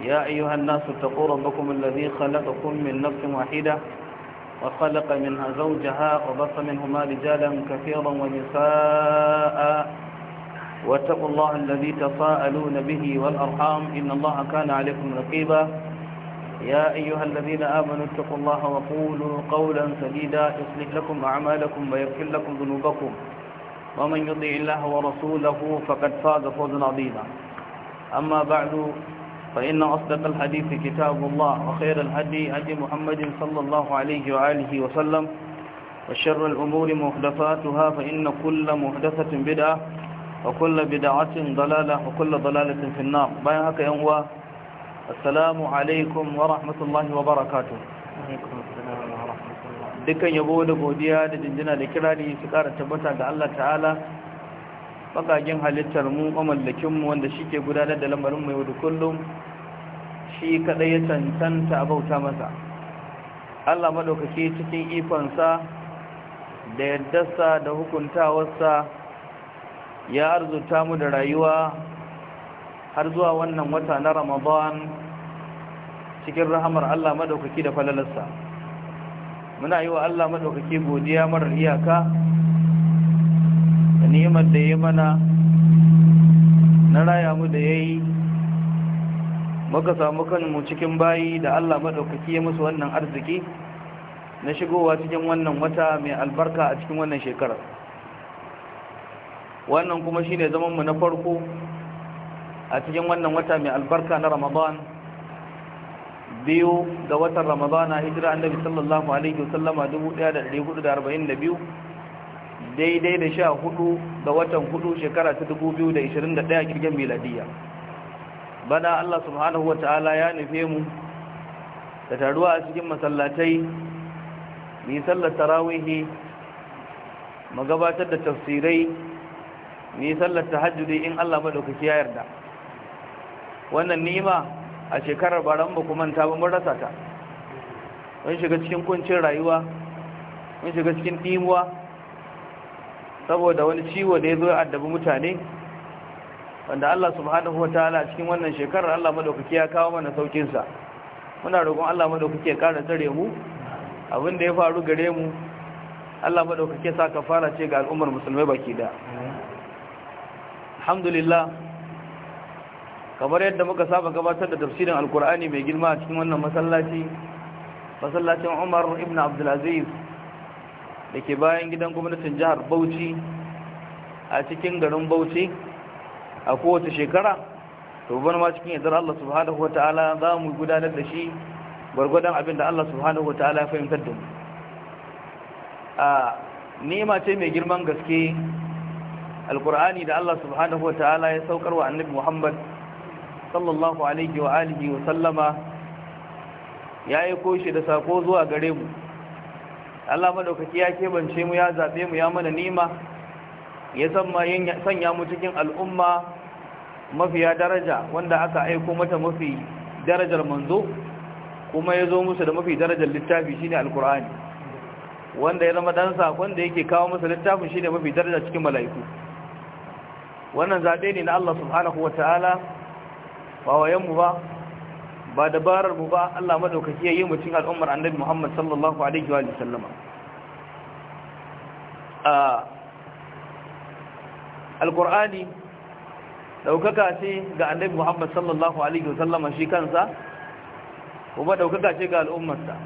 يا أيها الناس اتقوا ربكم الذي خلقكم من نفس واحدة وخلق منها زوجها وبص منهما رجالا كثيرا ونساء واتقوا الله الذي تصاءلون به والأرحام إن الله كان عليكم رقيبا يا أيها الذين آمنوا اتقوا الله وقولوا قولا سديدا يصلح لكم أعمالكم ويغفر لكم ذنوبكم ومن يضيع الله ورسوله فقد فاز فوزا عظيما أما بعد فإن أصدق الحديث كتاب الله وخير الهدي هدي محمد صلى الله عليه وآله وسلم وشر الأمور محدثاتها فإن كل محدثة بدعة وكل بدعة ضلالة وكل ضلالة في النار بيهك ينوى السلام عليكم ورحمة الله وبركاته dukkan yabo da godiya da jinjina da kirari su kara tabbata ga Allah ta'ala bakagen halittar mu mamallakinmu wanda shi ke gudanar da lamarin mai wadda kullum shi kaɗai ya cancanta a bauta masa allah maɗaukaki cikin ikonsa da yardarsa da hukuntawarsa ya arzuta mu da rayuwa har zuwa wannan wata na ramadan cikin rahamar allah maɗaukaki da falalarsa muna yi wa allah maɗaukaki godiya marar iyaka ni'imar da ya mana na raya mu da ya yi muka samu kanmu cikin bayi da Allah maɗaukaki ya musu wannan arziki na shigowa cikin wannan wata mai albarka a cikin wannan shekarar wannan kuma shi shine zamanmu na farko a cikin wannan wata mai albarka na ramadan biyu da watan ramadana hijira annabi sallallahu alaihi wasallama 1442 daidai da sha hudu da watan hudu shekara ta dubu biyu da ishirin da ɗaya kirgin miladiya bana Allah subhanahu wa ta'ala ya nufe mu da taruwa a cikin masallatai mai sallar tarawihi mu gabatar da tafsirai mai sallar tahajjudi in Allah madaukaki ya yarda wannan nima a shekarar baran ba kuma ta ba mun rasa ta mun shiga cikin kuncin rayuwa mun shiga cikin ɗimuwa. saboda wani ciwo da ya zo addabi mutane wanda Allah subhanahu wa ta'ala cikin wannan shekarar Allah madaukaki ya kawo mana saukin sa muna roƙon Allah madaukaki ya ƙara tsare mu abin da ya faru gare mu Allah madaukaki ya saka fara ce ga al'ummar musulmai baki da alhamdulillah kamar yadda muka saba gabatar da tafsirin alkur'ani mai girma a cikin wannan masallaci masallacin Umar ibn Abdul Aziz da ke bayan gidan gwamnatin jihar bauchi a cikin garin bauchi a kowace shekara to ban ma cikin yadda Allah subhanahu wataala za mu gudanar da shi gwargwadon abin da Allah subhanahu wataala ya fahimtar da mu a nema ce mai girman gaske alkur'ani da Allah subhanahu wataala ya saukar wa annabi Muhammad sallallahu alaihi wa alihi wa sallama ya yi koshi da sako zuwa gare mu Allah madaukaki ya kebance mu ya zabe mu ya mana nima ya sanya mu cikin al'umma mafiya daraja wanda aka aiko mata mafi darajar manzo kuma ya zo musu da mafi darajar littafi shine alkur'ani wanda ya zama dan sakon da yake kawo musu littafin shine mafi daraja cikin mala'iku wannan zabe ne na Allah subhanahu wataala ba wayan mu ba ba dabarar mu ba Allah madaukaki ya yi mu al'ummar Annabi Muhammad sallallahu alaihi wa sallama a alqur'ani daukaka ce ga Annabi Muhammad sallallahu alaihi wa sallama shi kansa kuma daukaka ce ga al'ummarsa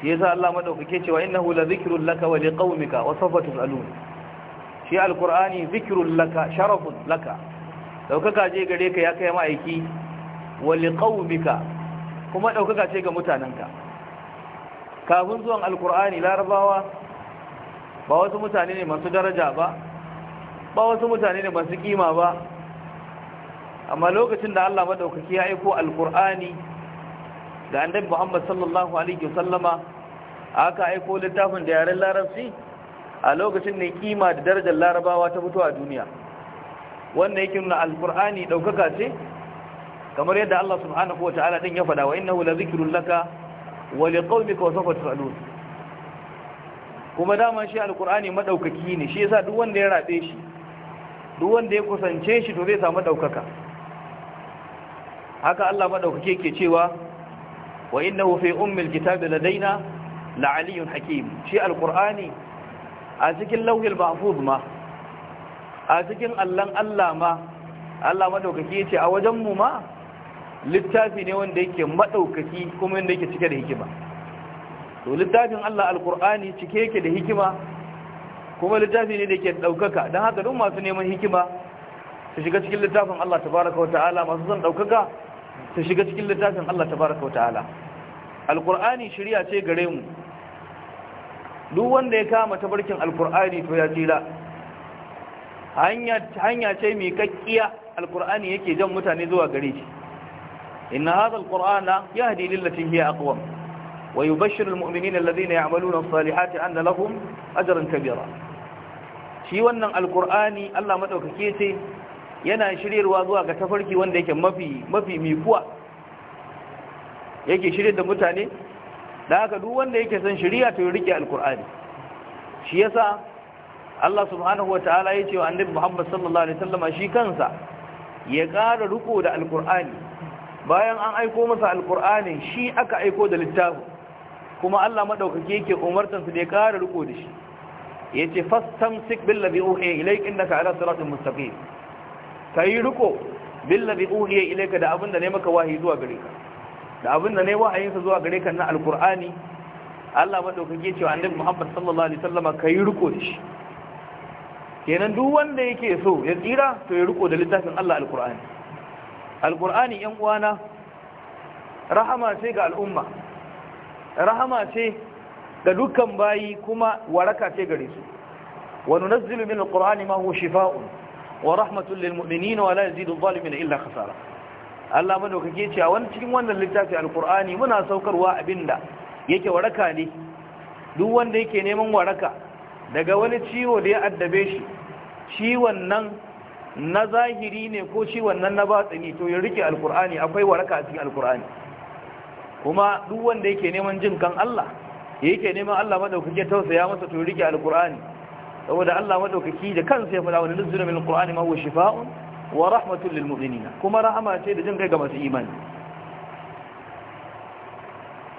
shi yasa Allah madaukake cewa innahu la zikrun laka wa liqaumika wa safatun alum shi alqur'ani zikrun laka sharafun laka daukaka je gare ka ya kai ma aiki. wa liqaumika kuma daukaka ce ga mutanenka kafin zuwan alkur'ani larabawa ba wasu mutane ne masu daraja ba ba wasu mutane ne masu ƙima ba amma lokacin da Allah maɗaukaki ya aiko alkur'ani ga annabi Muhammad sallallahu alaihi wasallama aka aiko littafin da yaren larabci a lokacin ne kima da darajar larabawa ta fito a duniya wannan yake nuna alkur'ani ɗaukaka ce kamar yadda Allah subhanahu Ta'ala din ya faɗa wa innahu lazikrun laka wa liqaumika wa sawfa tusalun kuma dama shi alqur'ani madaukaki ne shi yasa duk wanda ya rabe shi duk wanda ya kusance shi to zai samu daukaka haka Allah madaukaki yake cewa wa innahu fi ummil kitabi ladaina la'aliyyun hakim shi alqur'ani a cikin lauhil mahfuz ma a cikin allan Allah ma Allah madaukaki yace a wajen mu ma littafi ne wanda yake madaukaki kuma wanda yake cike da hikima to littafin Allah alqur'ani cike yake da hikima kuma littafi ne da yake daukaka dan haka duk masu neman hikima su shiga cikin littafin Allah tabaaraka wa ta'ala masu son daukaka su shiga cikin littafin Allah tabaaraka wa ta'ala alqur'ani shari'a ce gare mu duk wanda ya kama tabarkin alqur'ani to ya jira. hanya hanya ce mai kakkiya alqur'ani yake jan mutane zuwa gare shi إن هذا القرآن يهدي للتي هي أقوم ويبشر المؤمنين الذين يعملون الصالحات أن لهم أجرا كبيرا shi wannan alkur'ani Allah madaukake ce yana shiryarwa zuwa ga tafarki wanda yake mafi mafi mikuwa yake shiryar da mutane da haka duk wanda yake son shiriya to ya rike alkur'ani shi yasa Allah subhanahu ya ce wa annabi Muhammad sallallahu alaihi wasallam shi kansa ya ƙara riko da alkur'ani bayan an aiko masa alkur'ani shi aka aiko da littafi kuma Allah madaukake yake umartan su da ya kara riko da shi yace fastamsik billazi uhiya ilayka innaka ala siratin mustaqim kai riko billazi uhiya ilayka da abinda ne maka wahayi zuwa gare ka da abinda ne wahayin sa zuwa gare ka na alkur'ani Allah madaukake cewa annabi Muhammad sallallahu alaihi wasallama kai riko da shi kenan duk wanda yake so ya tsira to ya riko da littafin Allah alkur'ani alkur'ani yan uwana rahama ce ga al'umma rahama ce ga dukkan bayi kuma waraka ce gare su wa nunazzilu min alqur'ani ma huwa shifaa'un wa rahmatun lil muminin wa la yazidu adh-dhalimina illa khasara Allah madaukake ce a wannan cikin wannan littafi alqur'ani muna saukarwa abinda yake waraka ne duk wanda yake neman waraka daga wani ciwo da ya addabe shi ciwon nan na zahiri ne ko shi wannan na batsini to ya rike alkur'ani akwai waraka a cikin alkur'ani kuma duk wanda yake neman jin kan Allah yake neman Allah ya tausaya masa to ya rike alkur'ani saboda Allah madaukaki da kansa ya faɗa wa nuzulul min alqur'ani ma huwa shifaa'un wa rahmatul lil mu'minina kuma rahama ce da jin kai ga masu imani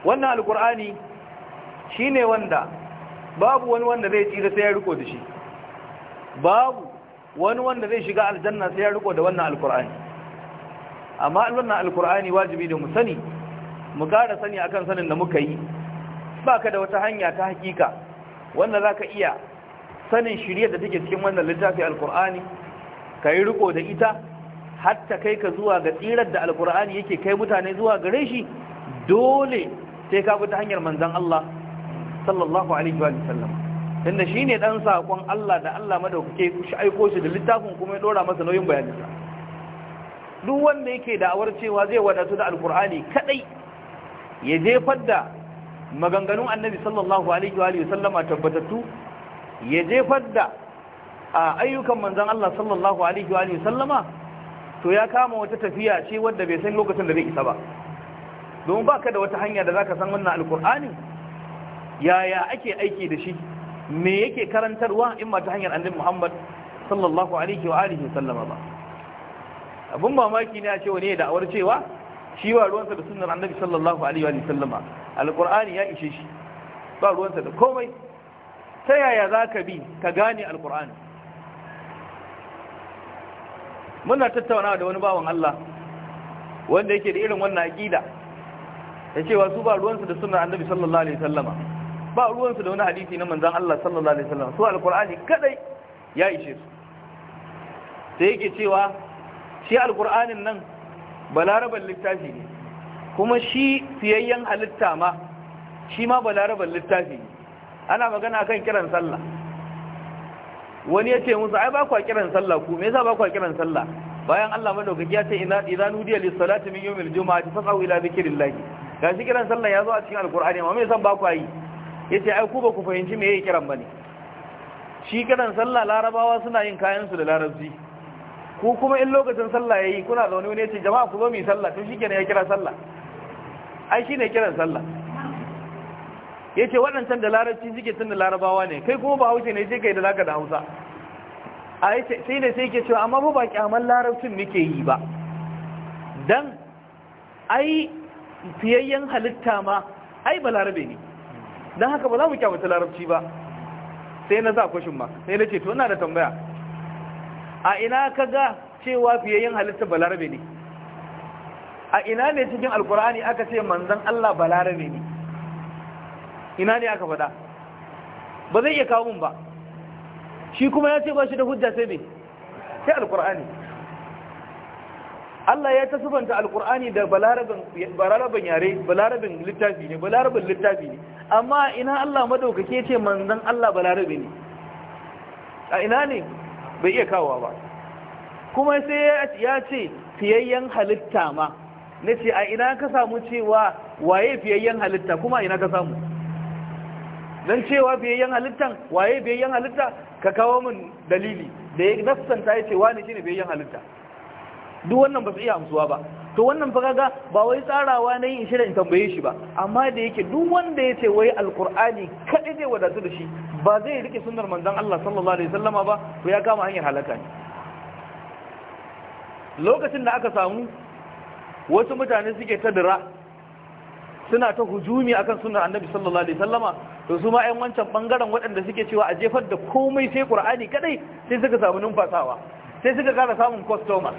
wannan alkur'ani shine wanda babu wani wanda zai tsira sai ya riko da shi babu wani wanda zai shiga aljanna sai ya riko da wannan alkur'ani amma wannan alkur'ani wajibi da mu sani mu ƙara sani akan sanin da muka yi ba ka da wata hanya ta hakika wanda za ka iya sanin shirye da take cikin wannan littafi alkur'ani ka yi riko da ita hatta kai ka zuwa ga tsirar da alkur'ani yake kai mutane zuwa gare shi dole sai ka bi ta hanyar manzon Allah sallallahu alaihi wa sallam tunda shi ne ɗan saƙon Allah da Allah madaukake shi aiko shi da littafin kuma ya ɗora masa nauyin bayanisa duk wanda yake da'awar cewa zai wadatu da alkur'ani kaɗai ya jefar da maganganun annabi sallallahu alaihi wa sallama tabbatattu ya jefar da ayyukan manzan Allah sallallahu alaihi wa sallama to ya kama wata tafiya ce wadda bai san lokacin da zai isa ba domin baka da wata hanya da zaka san wannan alkur'ani yaya ake aiki da shi me yake karantarwa in ba ta hanyar annabi Muhammad sallallahu alaihi wa alihi sallama ba abun mamaki ne a ce wani da awar cewa shi wa ruwansa da sunnar annabi sallallahu alaihi wa sallama alqur'ani ya ishe shi ba ruwansa da komai ta yaya zaka bi ka gane alqur'ani muna tattauna da wani bawan Allah wanda yake da irin wannan aqida ya cewa su ba ruwansa da sunnar annabi sallallahu alaihi wa sallama ba ruwansu da wani hadisi na manzan Allah sallallahu alaihi wasallam su alqur'ani kadai ya ishe su sai yake cewa shi alqur'anin nan balaraban littafi ne kuma shi fiyayyen halitta ma shi ma balaraban littafi ne ana magana kan kiran sallah wani ya ce musu ai ba kwa kiran sallah ku me yasa ba kwa kiran sallah bayan Allah madaukaki ya ce ina idan nudiya lis salati min yawmil jumu'ati fas'au ila dhikrillah gashi kiran sallah ya zo a cikin alqur'ani amma me yasa ba kwa yi ce ai ku ba ku fahimci me yi kiran ba ne shi kiran sallah larabawa suna yin kayansu da larabci ku kuma in lokacin sallah ya yi kuna zaune ya ce jama'a ku zo mu yi sallah to shikenan ya kira sallah ai shi ne kiran sallah ya ce waɗancan da larabci suke tun da larabawa ne kai kuma ba hausa ne sai kai da laka da hausa a sai ne sai ke cewa amma ba ba kyaman larabcin muke yi ba dan ai fiyayyen halitta ma ai balarabe ne don haka ba za mu kyawata larabci ba sai na sa kwashin ma sai na ce to ina da tambaya a ina ka ga cewa fiye yin halitta balarabe ne a ina ne cikin alkur'ani aka ce manzan Allah balarabe ne ina ne aka faɗa ba zai iya kawo mun ba shi kuma ya ce ba shi da hujja sai me sai alkur'ani Allah ya ta sufanta alkur'ani da balarabin yare balarabin littafi ne balarabin littafi ne amma ina Allah madaukake ce manzon Allah balarabi ne a ina ne bai iya kawowa ba kuma sai ya ce fiyayyen halitta ma na ce a ina ka samu cewa waye fiyayyen halitta kuma ina ka samu don cewa fiyayyen halittan waye fiyayyen halitta ka kawo min dalili da ya nafsanta ya ce wani shine fiyayyen halitta duk wannan ba su iya amsuwa ba to wannan fa kaga ba wai tsarawa na yin shirin tambaye shi ba amma da yake duk wanda ya ce wai alkur'ani kadai zai wadatu da shi ba zai rike sunnar manzon Allah sallallahu alaihi wasallama ba to ya kama hanyar halaka ne lokacin da aka samu wasu mutane suke ta suna ta hujumi akan sunnar annabi sallallahu alaihi wasallama to su ma wancan bangaren waɗanda suke cewa a jefar da komai sai qur'ani kadai sai suka samu numfasawa sai suka kara samun customers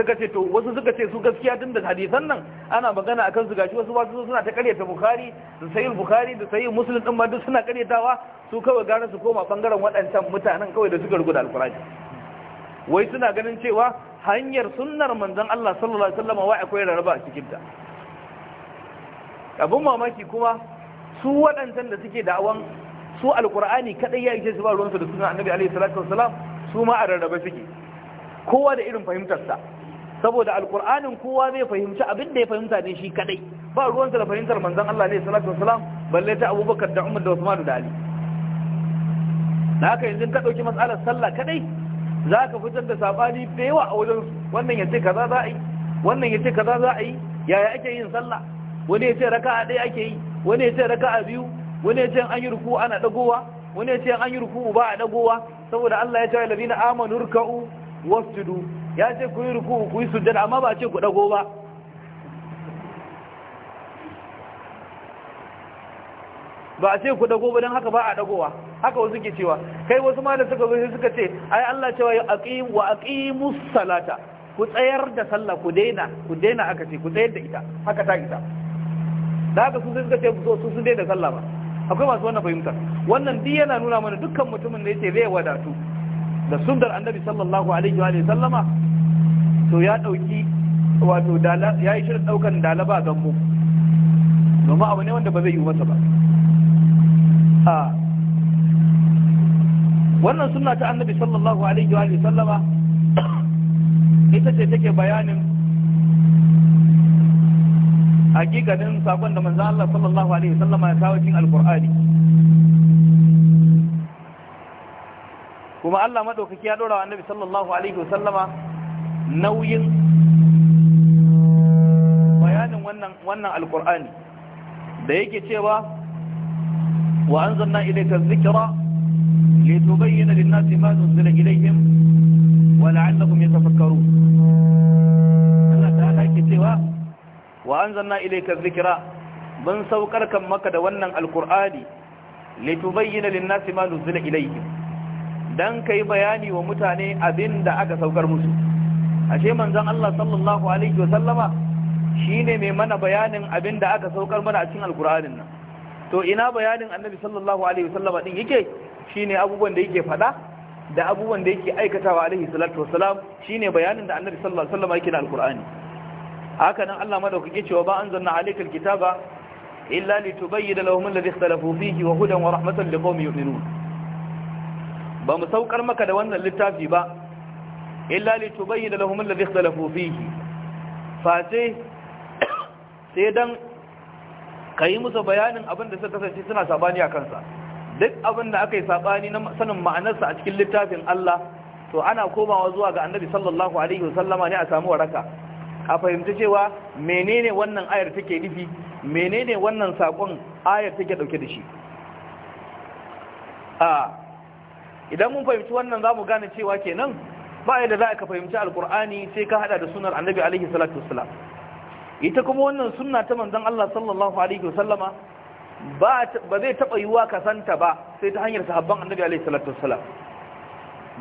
suka ce to wasu suka ce su gaskiya tun da hadisan nan ana magana akan su gashi wasu wasu suna ta karyata bukhari da sayin bukhari da sayin muslim din ma duk suna karyatawa su kawai gane su koma bangaren waɗancan mutanen kawai da suka rubuta alkurani wai suna ganin cewa hanyar sunnar manzon Allah sallallahu alaihi wasallam wai akwai raraba a cikin ta abun mamaki kuma su waɗancan da suke da'awan su alkur'ani kadai ya ishe su ba ruwansu da sunan annabi alaihi salatu wasalam su ma a rarraba suke kowa da irin fahimtarsa saboda alkur'anin kowa zai fahimci abin da ya fahimta ne shi kadai ba ruwansa da fahimtar manzon Allah ne salatu alaihi wasallam balle ta Abubakar da Umar da wasu da Ali na haka yanzu ka ɗauki matsalar sallah kadai zaka fitar da sabani da yawa a wajen wannan yace kaza za a yi wannan yace kaza za a yi yaya ake yin sallah wani ya ce raka a ɗaya ake yi wani ya ce raka a biyu wani ya ce an yi ruku ana dagowa wani ya ce an yi ruku ba a dagowa saboda Allah ya ce wa ladina amanu ruk'u wasjudu ya ce ku yi ruku ku yi sujjada amma ba ce ku dago ba ba a ce ku dago ba don haka ba a dagowa haka wasu ke cewa kai wasu ma da suka zo suka ce ai Allah cewa ya aqim wa aqimus salata ku tsayar da sallah ku daina ku daina aka ce ku tsayar da ita haka ta ita da haka su suka ce su sun daina sallah ba akwai masu wannan fahimta wannan biyu yana nuna mana dukkan mutumin da yake zai wadatu da sunnar annabi sallallahu alaihi wa sallama to ya dauki wato ya yi shirin daukan dalaba ga Gambo. domin abu ne wanda ba zai yi masa ba a wannan sunna ta annabi sallallahu alaihi wa sallama ita ce take bayanin hakikanin sakon da manzo Allah sallallahu alaihi wa sallama ya kawo cikin alqur'ani kuma Allah madaukaki ya ɗora wa annabi sallallahu alaihi wasallama nauyin bayanin wannan wannan alqur'ani da yake cewa wa an zanna anzalna zikira, dhikra litubayyana lin-nasi ma nuzila ilayhim wa la'allahum yatafakkarun Allah ta'ala yake cewa wa an anzalna ilayka zikira, mun saukar kan maka da wannan alqur'ani litubayyana lin-nasi ma nuzila ilayhim dan kai bayani wa mutane abin da aka saukar musu ashe manzon Allah sallallahu alaihi wa sallama shine mai mana bayanin abin da aka saukar mana a cikin alkur'anin nan to ina bayanin annabi sallallahu alaihi wa sallama din yake shine abubuwan da yake faɗa? da abubuwan da yake aikatawa alaihi salatu wassalam shine bayanin da annabi sallallahu alaihi wasallama yake da alkur'ani haka nan Allah madaukake cewa ba anzalna alaikal kitaba illa litubayyana lahum alladhi ikhtalafu fihi wa hudan wa rahmatan liqaumin yu'minun ba mu saukar maka da wannan littafi ba illa li tubayyana lahum alladhi ikhtalafu fihi fa sai sai dan kai musu bayanin abin da suka kasance suna sabani a kansa duk abin da aka yi sabani na sanin ma'anarsa a cikin littafin Allah to ana komawa zuwa ga annabi sallallahu alaihi wasallama ne a samu waraka a fahimci cewa menene wannan ayar take nufi menene wannan sakon ayar take dauke da shi a idan mun fahimci wannan za mu gane cewa kenan ba yadda za ka fahimci alkur'ani sai ka hada da sunar annabi alaihi salatu wasalam ita kuma wannan sunna ta manzon Allah sallallahu alaihi wasallama ba ba zai taba yiwa ka santa ba sai ta hanyar sahabban annabi alaihi salatu wasalam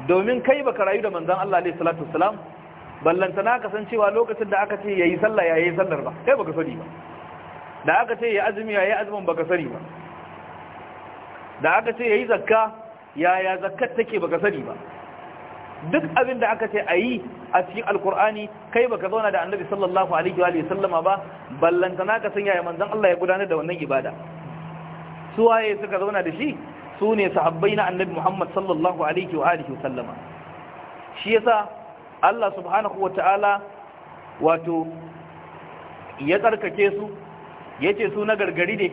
domin kai baka rayu da manzon Allah alaihi salatu wasalam ballantana ka san cewa lokacin da aka ce yayi sallah yayi sallar ba kai baka sani ba da aka ce yayi azumi yayi azumin baka sani ba da aka ce yayi zakka yaya zakat take baka sani ba duk abin da aka ce a yi a cikin alkur'ani kai baka zauna da annabi sallallahu alaihi wa sallama ba ballantana ka san yaya manzon Allah ya gudanar da wannan ibada su waye suka zauna da shi su ne sahabbai na annabi Muhammad sallallahu alaihi wa alihi sallama shi yasa Allah subhanahu wataala wato ya tsarkake su yace su na gargari ne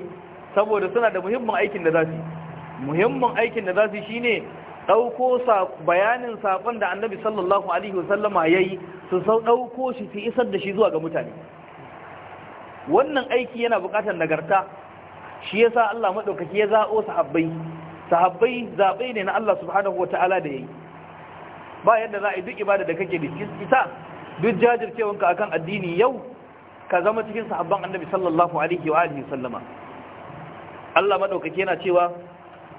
saboda suna da muhimmin aikin da za su yi muhimmin aikin da za su shi ne, ɗauko bayanin saƙon da annabi sallallahu alaihi wasallama ya yi su sau ɗauko shi su isar da shi zuwa ga mutane wannan aiki yana buƙatar nagarta shi ya sa Allah maɗaukaki ya zaɓo sahabbai sahabbai zaɓai ne na Allah subhanahu ta'ala da ya yi ba yadda za a yi duk ibada da kake da ita duk jajircewanka akan addini yau ka zama cikin sahabban annabi sallallahu alaihi wa alihi sallama Allah maɗaukaki yana cewa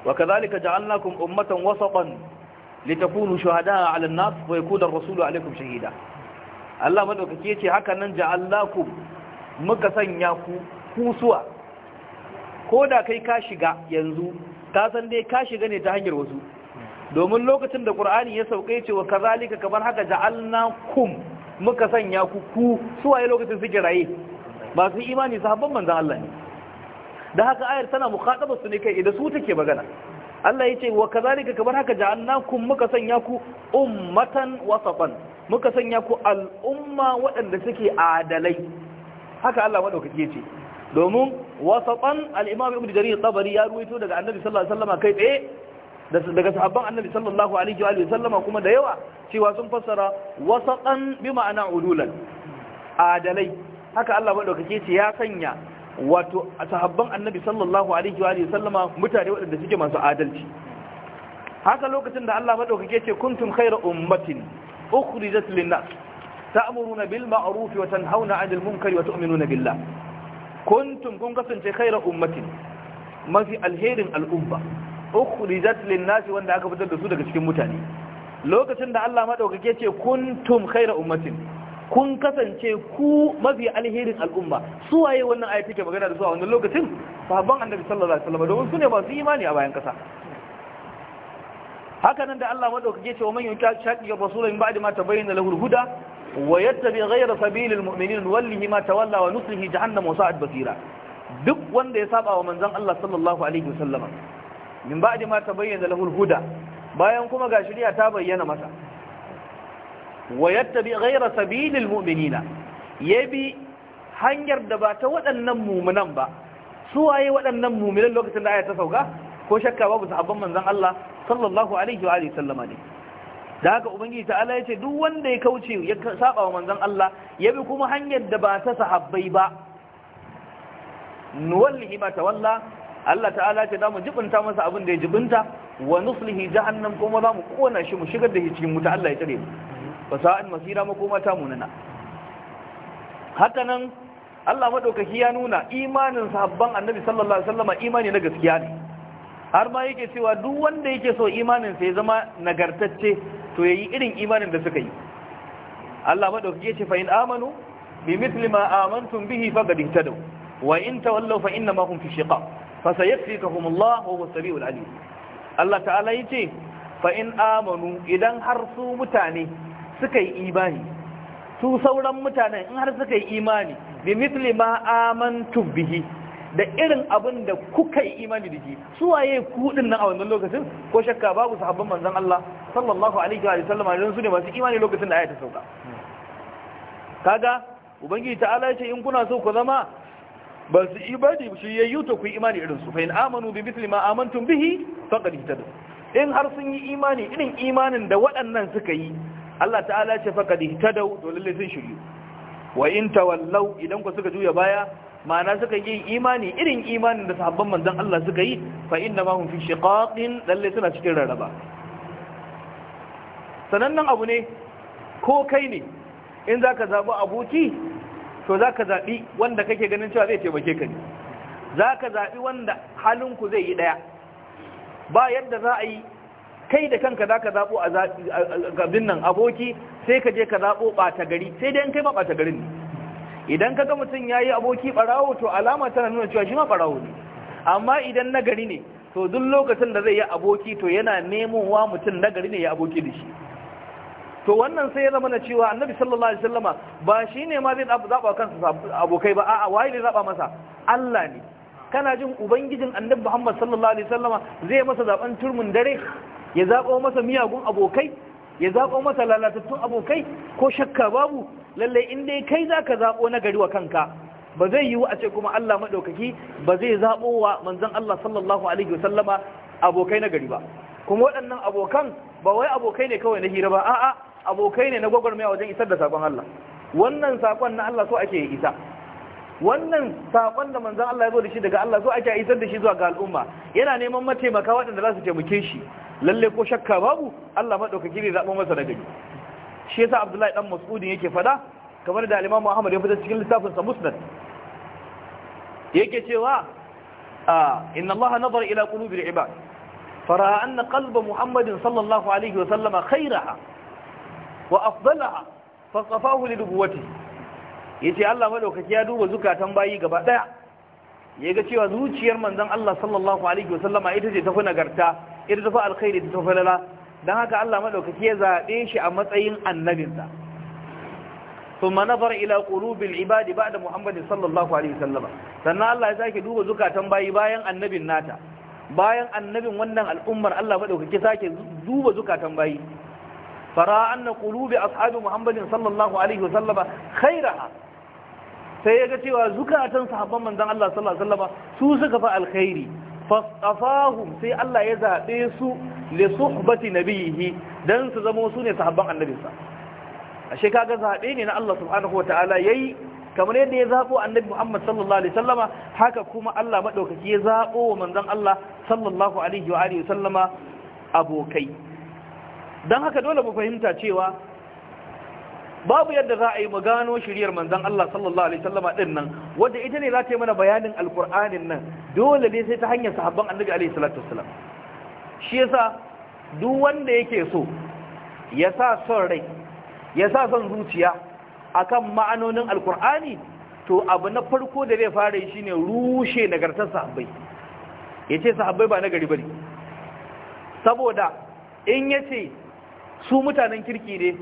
وكذلك جعلناكم أمة وسطا لتكونوا شهداء على الناس ويكون الرسول عليكم شهيدا الله مدوكي يتي haka nan ja'alnakum muka sanya ku kusuwa da kai ka shiga yanzu ka san dai ka shiga ne ta hanyar wasu domin lokacin da qur'ani ya sauke yace wa kazalika kamar haka ja'alnakum muka sanya ku ku suwaye lokacin suke raye masu imani sahabban manzon Allah ne da haka ayar tana mukhataba su ne kai da su take magana Allah yace wa kazalika kamar haka ja'alnakum muka sanya ku ummatan wasatan muka sanya ku al'umma waɗanda suke adalai haka Allah madaukake yace domin wasatan al-imam ibn jarir tabari ya ruwaito daga annabi sallallahu alaihi wasallam kai tsaye daga sahabban annabi sallallahu alaihi wa sallama kuma da yawa cewa sun fassara wasatan bi ma'ana ululan adalai haka Allah madaukake ce ya sanya wato a sahabban annabi sallallahu alaihi wa sallama mutane waɗanda suke masu adalci haka lokacin da Allah madaukake ce kuntum khayra ummatin ukhrijat lin-nas ta'muruna bil ma'ruf wa tanhauna 'anil munkari wa tu'minuna billah kuntum kun kasance khayra ummatin mafi alherin al'umma ukhrijat lin-nas wanda aka fitar da su daga cikin mutane lokacin da Allah madaukake ce kuntum khayra ummatin kun kasance ku mafi alherin al'umma su waye wannan ayati ke magana da su a wannan lokacin sabon annabi sallallahu alaihi wasallam domin su ne masu imani a bayan kasa haka nan da Allah madaukake cewa man yunta shaqi ga rasulun ba'da ma tabayyana lahu al-huda wa yattabi ghayra sabilil mu'minin wallahi ma tawalla wa nuslihi jahannam wa sa'at basira duk wanda ya saba wa manzon Allah sallallahu alaihi wasallam min ba'da ma tabayyana lahu al-huda bayan kuma ga shari'a ta bayyana masa wa yattabi ghayra sabilil mu'minina yabi hanyar da ba ta waɗannan mu'minan ba su waye waɗannan mu'minan lokacin da aya ta sauka ko shakka babu sahabban manzon Allah sallallahu alaihi wa alihi sallama ne da haka ubangiji ta'ala yace duk wanda ya kauce ya saba wa manzon Allah bi kuma hanyar da ba ta sahabbai ba nuwallihi ma tawalla Allah ta'ala ce za mu jibinta masa abin da ya jibinta wa nuslihi jahannam kuma za mu kona shi mu shigar da shi cikin wuta Allah ya tsare mu fasa'an masira makoma ta munana haka nan Allah maɗaukaki ya nuna imanin sahabban annabi sallallahu alaihi wasallam imani na gaskiya ne har ma yake cewa duk wanda yake so imanin ya zama nagartacce to yayi irin imanin da suka yi Allah maɗaukaki ya ce fa in amanu bi mithli ma amantum bihi faqad ihtadaw wa in tawallaw fa inna ma hum fi shiqaq fa sayakfikahum Allah wa huwa samiul alim Allah ta'ala yace fa in amanu idan har su mutane suka yi imani su sauran mutanen in har suka yi imani bi mithli ma amantu bihi da irin abin da kuka yi imani da shi su waye ku din nan a wannan lokacin ko shakka babu sahabban manzon Allah sallallahu alaihi wa sallam idan su ne masu imani lokacin da ayata sauka kaga ubangiji ta'ala yace in kuna so ku zama ba su ibadi shi yayyu to ku imani irin su fa in amanu bi mithli ma amantum bihi faqad ihtadu in har sun yi imani irin imanin da waɗannan suka yi Allah ta'ala ce faqad ihtadaw to lalle sun shiryu wa in wallau idan ku suka juya baya ma'ana suka yi imani irin imanin da sahabban manzon Allah suka yi fa inna ma hum fi shiqaqin lalle suna cikin rarraba sanannen abu ne ko kai ne in zaka zabi aboki to zaka zabi wanda kake ganin cewa zai taimake ka ne zaka zabi wanda halinku zai yi daya ba yadda za a yi kai da kanka za ka zaɓo a gabin nan aboki sai ka je ka zaɓo ɓata gari sai dai kai ma ɓata garin ne idan ka ga mutum ya yi aboki ɓarawo to alama tana nuna cewa shi ma ɓarawo ne amma idan nagari gari ne to duk lokacin da zai yi aboki to yana nemowa mutum nagari gari ne ya aboki da shi to wannan sai ya zama na cewa annabi sallallahu alaihi wasallama ba shi ne ma zai zaɓa kansa abokai ba a'a waye ne zaɓa masa Allah ne kana jin ubangijin annabi Muhammad sallallahu alaihi wasallama zai masa zaben turmin dare ya zaɓo masa miyagun abokai ya zaɓo masa lalatattun abokai ko shakka babu lallai in dai kai za ka zaɓo na gari wa kanka ba zai yi a ce kuma Allah maɗaukaki ba zai zaɓo wa manzan Allah sallallahu alaihi wasallama abokai na gari ba kuma waɗannan abokan ba wai abokai ne kawai na hira ba a'a abokai ne na gwagwarmaya wajen isar da saƙon Allah wannan saƙon na Allah so ake isa wannan saƙon da manzan Allah ya zo da shi daga Allah so ake isar da shi zuwa ga al'umma yana neman mataimaka waɗanda za su taimake shi lalle ko shakka babu Allah madaukaki ne zaɓo masa da gari shi yasa Abdullahi dan Mas'udin yake fada kamar da Imam Muhammad ya fita cikin littafin sa Musnad yake cewa ah, inna Allah nazara ila qulubil ibad fara anna qalba Muhammadin sallallahu alaihi wa sallama khairaha wa afdalaha fasafahu li nubuwwatihi yace Allah madaukaki ya duba zukatan bayi gaba daya ga cewa zuciyar manzon Allah sallallahu alaihi wa wasallama ita ce ta fi nagarta ita tafi alkhairi ta tafi lala don haka Allah maɗaukaki ya zaɓe shi a matsayin annabinsa sun manazar ila ƙulubin ibadi ba da muhammadin sallallahu alaihi sallama sannan Allah ya sake duba zukatan bayi bayan annabin nata bayan annabin wannan al'ummar Allah maɗaukaki sake duba zukatan bayi fara an na ƙulubi ashabi muhammadin sallallahu alaihi sallama khairaha sai ya ga cewa zukatan sahabban manzon Allah sallallahu alaihi sallama su suka fa alkhairi fasafahum sai Allah ya zaɓe su li suhbati nabiyihi dan su zama su ne sahabban annabinsa ashe kaga zaɓe ne na Allah subhanahu wataala yayi kamar yadda ya zaɓo annabi Muhammad sallallahu alaihi wasallama haka kuma Allah madaukaki ya zaɓo wa manzon Allah sallallahu alaihi wa alihi wasallama abokai Don haka dole mu fahimta cewa babu yadda za a yi mu gano shiriyar manzon Allah sallallahu alaihi wasallam din nan wanda ita ne za ta yi mana bayanin alqur'anin nan dole ne sai ta hanyar sahabban annabi alaihi salatu wasallam shi yasa duk wanda yake so ya sa son rai ya sa son zuciya akan ma'anonin alqur'ani to abu na farko da zai fara shi shine rushe nagartar sahabbai yace sahabbai ba nagari bane saboda in yace su mutanen kirki ne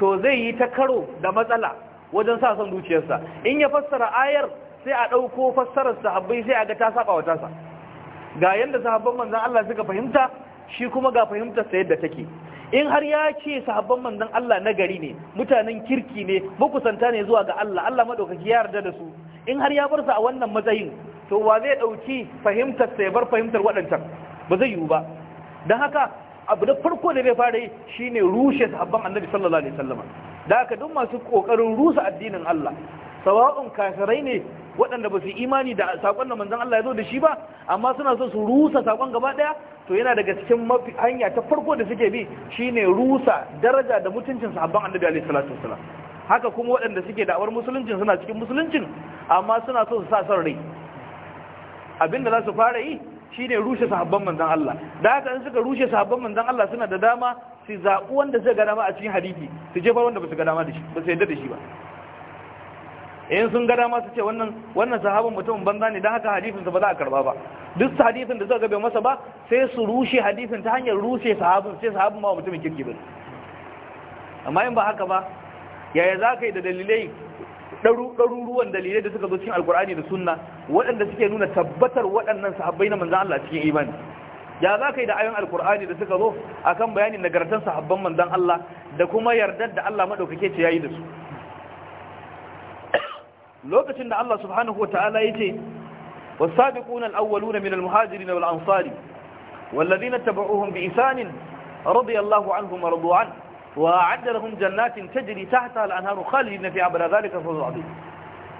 to zai yi ta karo da matsala wajen sa son zuciyarsa in ya fassara ayar sai a ɗauko fassarar sahabbai sai a ga ta saba wa sa ga yanda sahabban manzon Allah suka fahimta shi kuma ga fahimtar sa yadda take in har ya ce sahabban manzon Allah na gari ne mutanen kirki ne makusanta ne zuwa ga Allah Allah madaukaki ya yarda da su in har ya bar su a wannan matsayin to wa zai dauki fahimtar sa ya bar fahimtar waɗancan ba zai yiwu ba don haka abu da farko da zai fara yi shine rushe sahabban annabi sallallahu alaihi wasallam da haka duk masu kokarin rusa addinin Allah sawa'un kafirai ne waɗanda ba su imani da sakon da manzon Allah ya zo da shi ba amma suna so su rusa sakon gaba daya to yana daga cikin mafi hanya ta farko da suke bi shine rusa daraja da mutuncin sahabban annabi alaihi salatu wasallam haka kuma waɗanda suke da'awar musulunci suna cikin musuluncin amma suna so su sa son rai abinda za su fara yi Shi ne rushe sahabban manzan Allah da haka in suka rushe sahabban manzan Allah suna da dama su zaɓi wanda suka gada ma a cikin hadisi su jefar wanda ba su gada ma da shi ba su yadda da shi ba in sun gada ma su ce wannan wannan sahabban mutumin banza ne don haka hadisin sa ba za a karba ba duk hadisin da suka gabe masa ba sai su rushe hadisin ta hanyar rushe sahabban sai sahabin ma mutumin kirki ba amma in ba haka ba yaya za ka yi da dalilai ɗaruruwan dalilai da suka zo cikin alkur'ani da sunna waɗanda suke nuna tabbatar waɗannan sahabbai na manzan Allah cikin imani ya za ka yi da ayon alkur'ani da suka zo akan bayanin nagartar sahabban manzan Allah da kuma yardar da Allah maɗaukake ce ya yi da su lokacin da Allah subhanahu wa ta'ala ya ce والسابقون الأولون من المهاجرين والأنصار والذين اتبعوهم بإسان رضي الله عنهم ورضوا عنه وعد لهم جنات تجري تحتها الانهار خالدين فيها بلا ذلك الفوز العظيم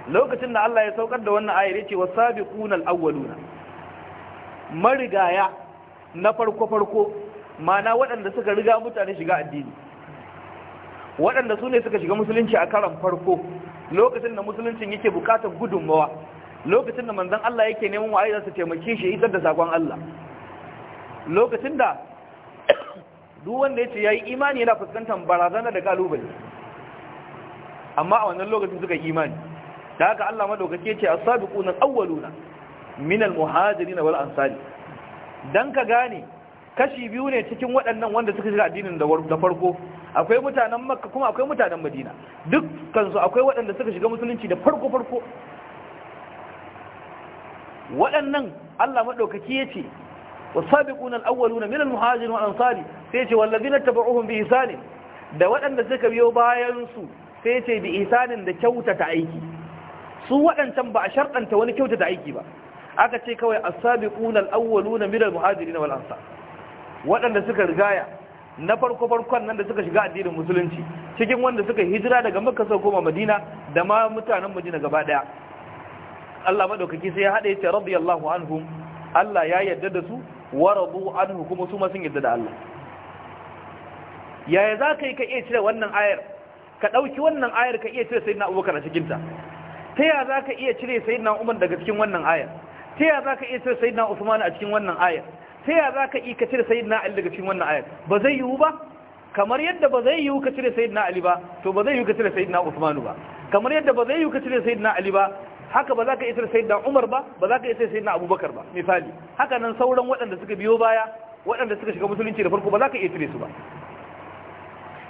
lokacin da Allah ya saukar da wannan ayar yace wasabiqunal awwaluna marigaya na farko farko mana waɗanda suka riga mutane shiga addini waɗanda su ne suka shiga musulunci a karan farko lokacin da musuluncin yake bukatar gudunmawa lokacin da manzon Allah yake neman wa'ayi su taimake shi isar da sakon Allah lokacin da duk wanda ya ce ya yi imani yana fuskantar barazana da kalubale amma a wannan lokacin suka yi imani da haka Allah madaukake ce as-sabiquna al-awwaluna min al-muhajirin wal ansari dan ka gane kashi biyu ne cikin waɗannan wanda suka shiga addinin da farko akwai mutanen makka kuma akwai mutanen madina kansu akwai waɗanda suka shiga musulunci da farko farko waɗannan Allah madaukake ya ce والسابقون الأولون من المهاجر والأنصار سيتي والذين تبعوهم بإحسان da waɗanda suka biyo bayansu sai ce bi isanin da kyautata aiki su waɗancan ba a sharɗanta wani kyautata aiki ba aka ce kawai a sabiquna al-awwaluna min al-muhajirin waɗanda suka rigaya na farko farkon nan da suka shiga addinin musulunci cikin wanda suka hijira daga makka suka koma madina da ma mutanen madina gaba daya Allah madaukaki sai ya hada yace radiyallahu anhu" Allah ya yarda da su Warabu anhu kuma su ma sun yadda da Allah yaya za ka yi ka iya cire wannan ayar ka ɗauki wannan ayar ka iya cire sayyidina abubakar a cikinta ta yaya za ka iya cire sayyidina umar daga cikin wannan ayar ta yaya za ka iya cire sayyidina Usmanu a cikin wannan ayar ta yaya za ka iya cire sayyidina ali daga cikin wannan ayar ba zai yiwu ba kamar yadda ba zai yiwu ka cire sayyidina ali ba to ba zai yiwu ka cire sayyidina Usmanu ba kamar yadda ba zai yiwu ka cire sayyidina ali ba haka ba za ka isar sai da umar ba ba za ka isar sai na abubakar ba misali haka nan sauran waɗanda suka biyo baya waɗanda suka shiga musulunci da farko ba za ka isar su ba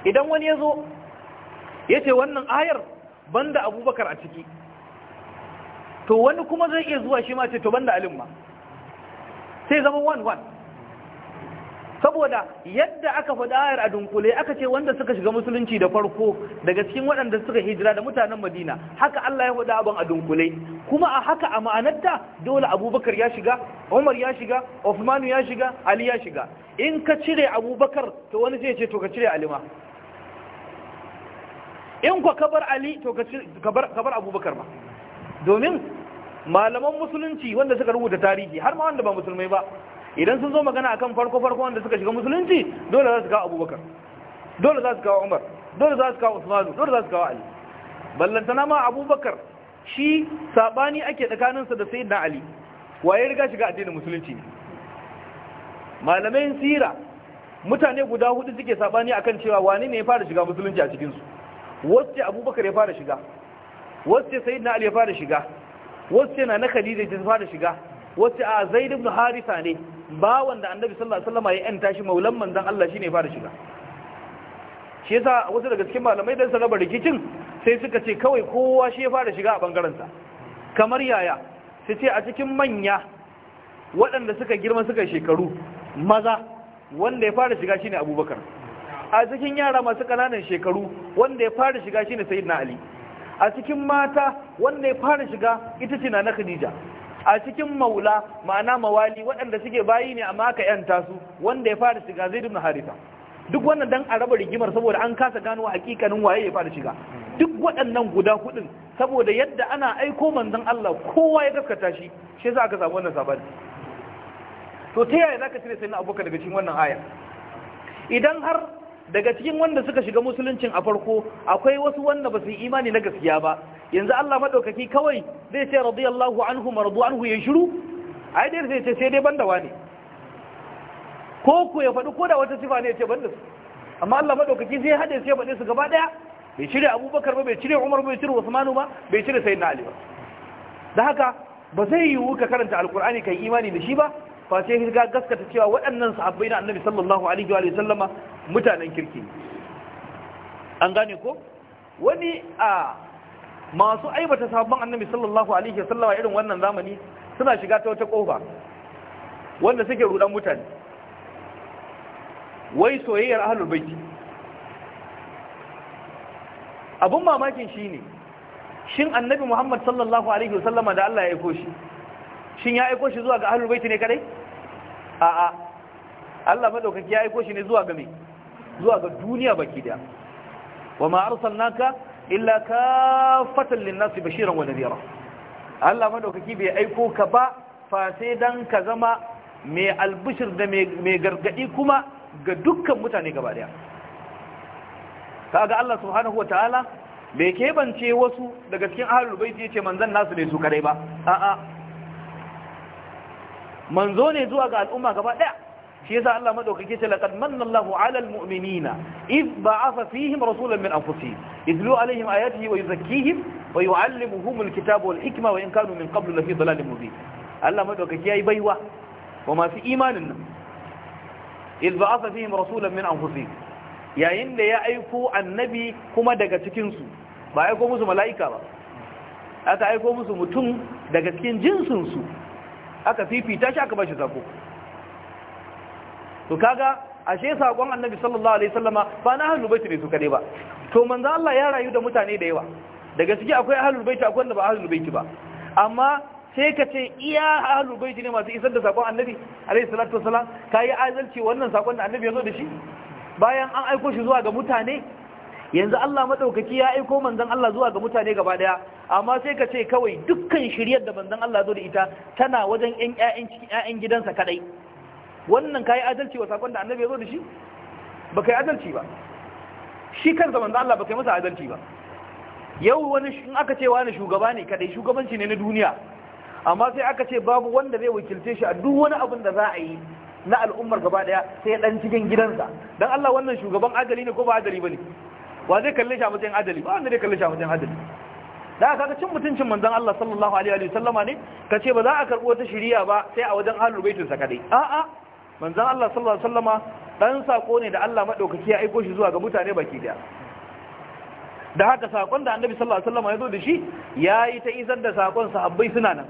idan wani ya zo ya ce wannan ayar da abubakar a ciki to wani kuma zai iya zuwa shi ma ce to ban alim ma sai zama wani wani saboda yadda aka faɗa ayar a dunkule aka ce wanda suka shiga musulunci da farko daga cikin waɗanda suka hijira da mutanen madina haka Allah ya faɗa abin a dunkule kuma a haka a ma'anarta dole abubakar ya shiga umar ya shiga ofmanu ya shiga ali ya shiga in ka cire abubakar to wani zai ce to ka cire alima in ka kabar ali to ka bar abubakar ma domin malaman musulunci wanda suka rubuta tarihi har ma wanda ba musulmai ba idan sun zo magana akan farko farko wanda suka shiga musulunci dole za su kawo abubakar dole za su kawo umar dole za su kawo usmanu dole za su kawo ali ballantana ma abubakar shi sabani ake tsakaninsa da sayyidina ali waye riga shiga addinin musulunci malamai sira mutane guda hudu suke sabani akan cewa wani ne ya fara shiga musulunci a cikinsu Wacce abubakar ya fara shiga wacce ce sayyidina ali ya fara shiga wacce ce na na khadija ya fara shiga wacce a zaid ibn haritha ne ba wanda annabi sallallahu alaihi wasallam ya yanta shi maulan manzon Allah shine fara shiga shi yasa wasu daga cikin malamai suka raba rikicin sai suka ce kawai kowa shi ya fara shiga a bangaren sa kamar yaya su ce a cikin manya waɗanda suka girma suka shekaru maza wanda ya fara shiga shine Abubakar a cikin yara masu kananan shekaru wanda ya fara shiga shine Sayyidina Ali a cikin mata wanda ya fara shiga ita ce na Khadija a cikin maula ma'ana mawali waɗanda suke bayi ne amma ka yanta su wanda ya fara shiga zai duna harita duk wannan dan a raba rigimar saboda an kasa gano hakikanin waye ya fara shiga duk waɗannan guda kuɗin saboda yadda ana aiko manzon Allah kowa ya gaskata shi shi yasa aka samu wannan sabani to ta yaya zaka cire na Abubakar daga cikin wannan aya idan har daga cikin wanda suka shiga musuluncin a farko akwai wasu wanda ba su yi imani na gaskiya ba yanzu Allah madaukaki kawai zai ce radiyallahu anhu maradu anhu ya shiru ai dai zai ce sai dai banda wani ko ku ya faɗi ko da wata sifa ne ya ce banda su amma Allah madaukaki zai haɗe sai faɗe su gaba ɗaya. bai cire Abubakar ba bai cire Umar ba bai cire Usman ba bai cire Sayyidina Ali ba da haka ba zai yiwu ka karanta alkur'ani kai imani da shi ba face ga gaskata cewa waɗannan sahabbai na annabi sallallahu alaihi wa sallama mutanen kirki an gane ko wani a masu aibata sabon annabi sallallahu alaihi wasallam irin wannan zamani suna shiga ta wata kofa wanda suke rudan mutane wai soyayyar ahlul baiti abun mamakin shine shin annabi Muhammad sallallahu alaihi wasallam da Allah ya aiko shi shin ya aiko shi zuwa ga ahlul baiti ne kadai a'a Allah madaukaki ya aiko shi ne zuwa ga me zuwa ga duniya baki daya wa ma arsalnaka illa kafatan lin-nasi bashiran wa nadhira Allah madaukaki bai aiko ka ba fa dan ka zama mai albishir da mai gargadi kuma ga dukkan mutane gaba daya kaga Allah subhanahu wataala bai kebance wasu daga cikin ahlul bait yace manzon nasu ne su kadai ba a'a manzo ne zuwa ga al'umma gaba daya shi yasa Allah madaukake ce laqad manna Allahu 'ala al-mu'minina id ba'atha fihim rasulan min anfusihim yatlu 'alayhim ayatihi wa yuzakkihim wa yu'allimuhum al-kitaba wal hikma wa in kanu min qablu lafi dhalalin mubin Allah madaukake yayi baiwa wa masu imanin nan id ba'atha fihim rasulan min anfusihim yayin da ya aiko annabi kuma daga cikin su ba aiko musu mala'ika ba aka aiko musu mutum daga cikin jinsin su aka fifita shi aka bashi zako to kaga ashe sakon annabi sallallahu alaihi wasallama ba na ahlul baiti ne su kade ba to manzo Allah ya rayu da mutane da yawa daga ciki akwai ahlul baiti akwai wanda ba ahlul baiti ba amma sai ka ce iya ahlul baiti ne masu isar da sakon annabi alaihi salatu wasalam kai azalci wannan sakon da annabi ya zo da shi bayan an aiko shi zuwa ga mutane yanzu Allah madaukaki ya aiko manzon Allah zuwa ga mutane gaba daya amma sai ka ce kawai dukkan shiryar da manzon Allah zo da ita tana wajen ƴan ƴaƴan cikin ƴaƴan gidansa kadai wannan ka yi adalci wa sakon da annabi ya zo da shi ba ka yi adalci ba shi kansa manzo Allah ba ka yi masa adalci ba yau wani in aka ce wani shugaba ne kadai shugabanci ne na duniya amma sai aka ce babu wanda zai wakilce shi a duk wani abin da za a yi na al'ummar gaba daya sai dan cikin gidansa dan Allah wannan shugaban adali ne ko ba adali bane wa zai kalle shi a matsayin adali ba wanda zai kalle shi a matsayin adali da kaga cin mutuncin manzon Allah sallallahu alaihi wa sallama ne kace ba za a karbo wata shari'a ba sai a wajen ahlul baitin sa kadai a'a manzan Allah sallallahu alaihi wasallama dan sako ne da Allah madaukaki ya aiko shi zuwa ga mutane baki daya da haka sakon da annabi sallallahu alaihi wasallama ya zo da shi yayi ta izar da sakon sahabbai suna nan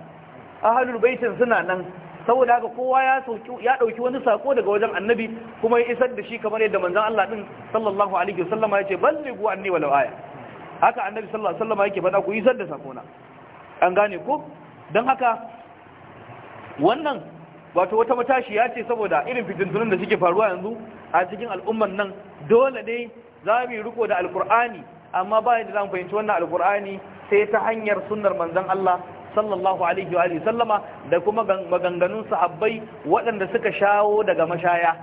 ahlul baitin suna nan saboda haka kowa ya sauki ya dauki wani sako daga wajen annabi kuma ya isar da shi kamar yadda manzan Allah din sallallahu alaihi wasallama ya ce ballighu anni walau aya haka annabi sallallahu alaihi wasallama yake faɗa ku isar da sakona an gane ko don haka wannan wato wata matashiya ce saboda irin fitintunan da suke faruwa yanzu a cikin al'ummar nan dole ne za mu yi riko da alkur'ani amma ba yadda mu fahimci wannan alkur'ani sai ta hanyar sunnar manzan Allah sallallahu alaihi wa alihi sallama da kuma maganganun sahabbai waɗanda suka shawo daga mashaya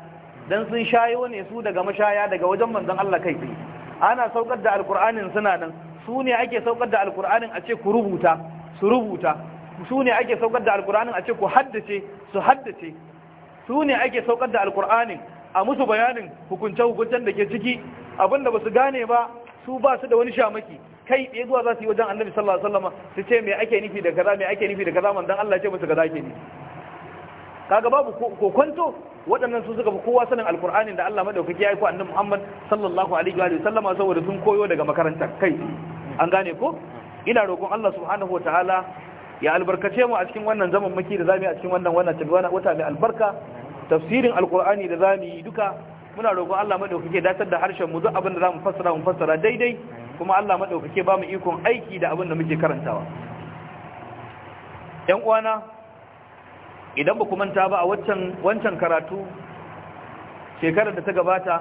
dan sun shayo ne su daga mashaya daga wajen manzan Allah kai tsaye ana saukar da alkur'anin suna nan su ne ake saukar da alkur'anin a ce ku rubuta su rubuta su ne ake saukar da alkur'anin a ce ku haddace su haddace su ne ake saukar da alkur'anin a musu bayanin hukunce-hukuncen da ke ciki abinda ba su gane ba su ba su da wani shamaki kai ɗaya zuwa za su yi wajen annabi sallallahu alaihi wasallam su ce me ake nufi da kaza me ake nufi da kaza man dan Allah ce musu kaza ke ni kaga babu kokonto waɗannan su suka fi kowa sanin alkur'ani da Allah madaukaki ya yi aiko annabi Muhammad sallallahu alaihi wa sallama saboda sun koyo daga makarantar kai an gane ko ina roƙon Allah subhanahu ta'ala. ya albarkace mu a cikin wannan zaman maki da zamu yi a cikin wannan wannan tilwana wata mai albarka tafsirin alqur'ani da zamu yi duka muna roƙon Allah madaukake datar da harshen mu duk abin da zamu fassara mu fassara daidai kuma Allah madaukake ba mu ikon aiki da abin da muke karantawa yan uwana idan ba ku manta ba a waccan wancan karatu shekarar da ta gabata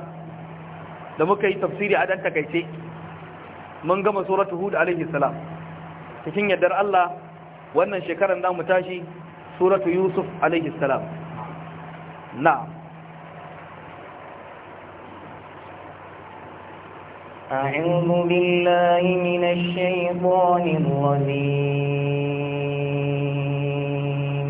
da muka yi tafsiri a dan takaice mun gama suratul hud alaihi salam cikin yardar Allah wannan shekaran da mu tashi suratu yusuf alaihi salam na'am أعوذ بالله من الشيطان الرجيم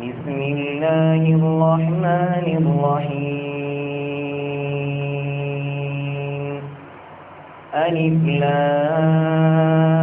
بسم الله الرحمن الرحيم ألف لام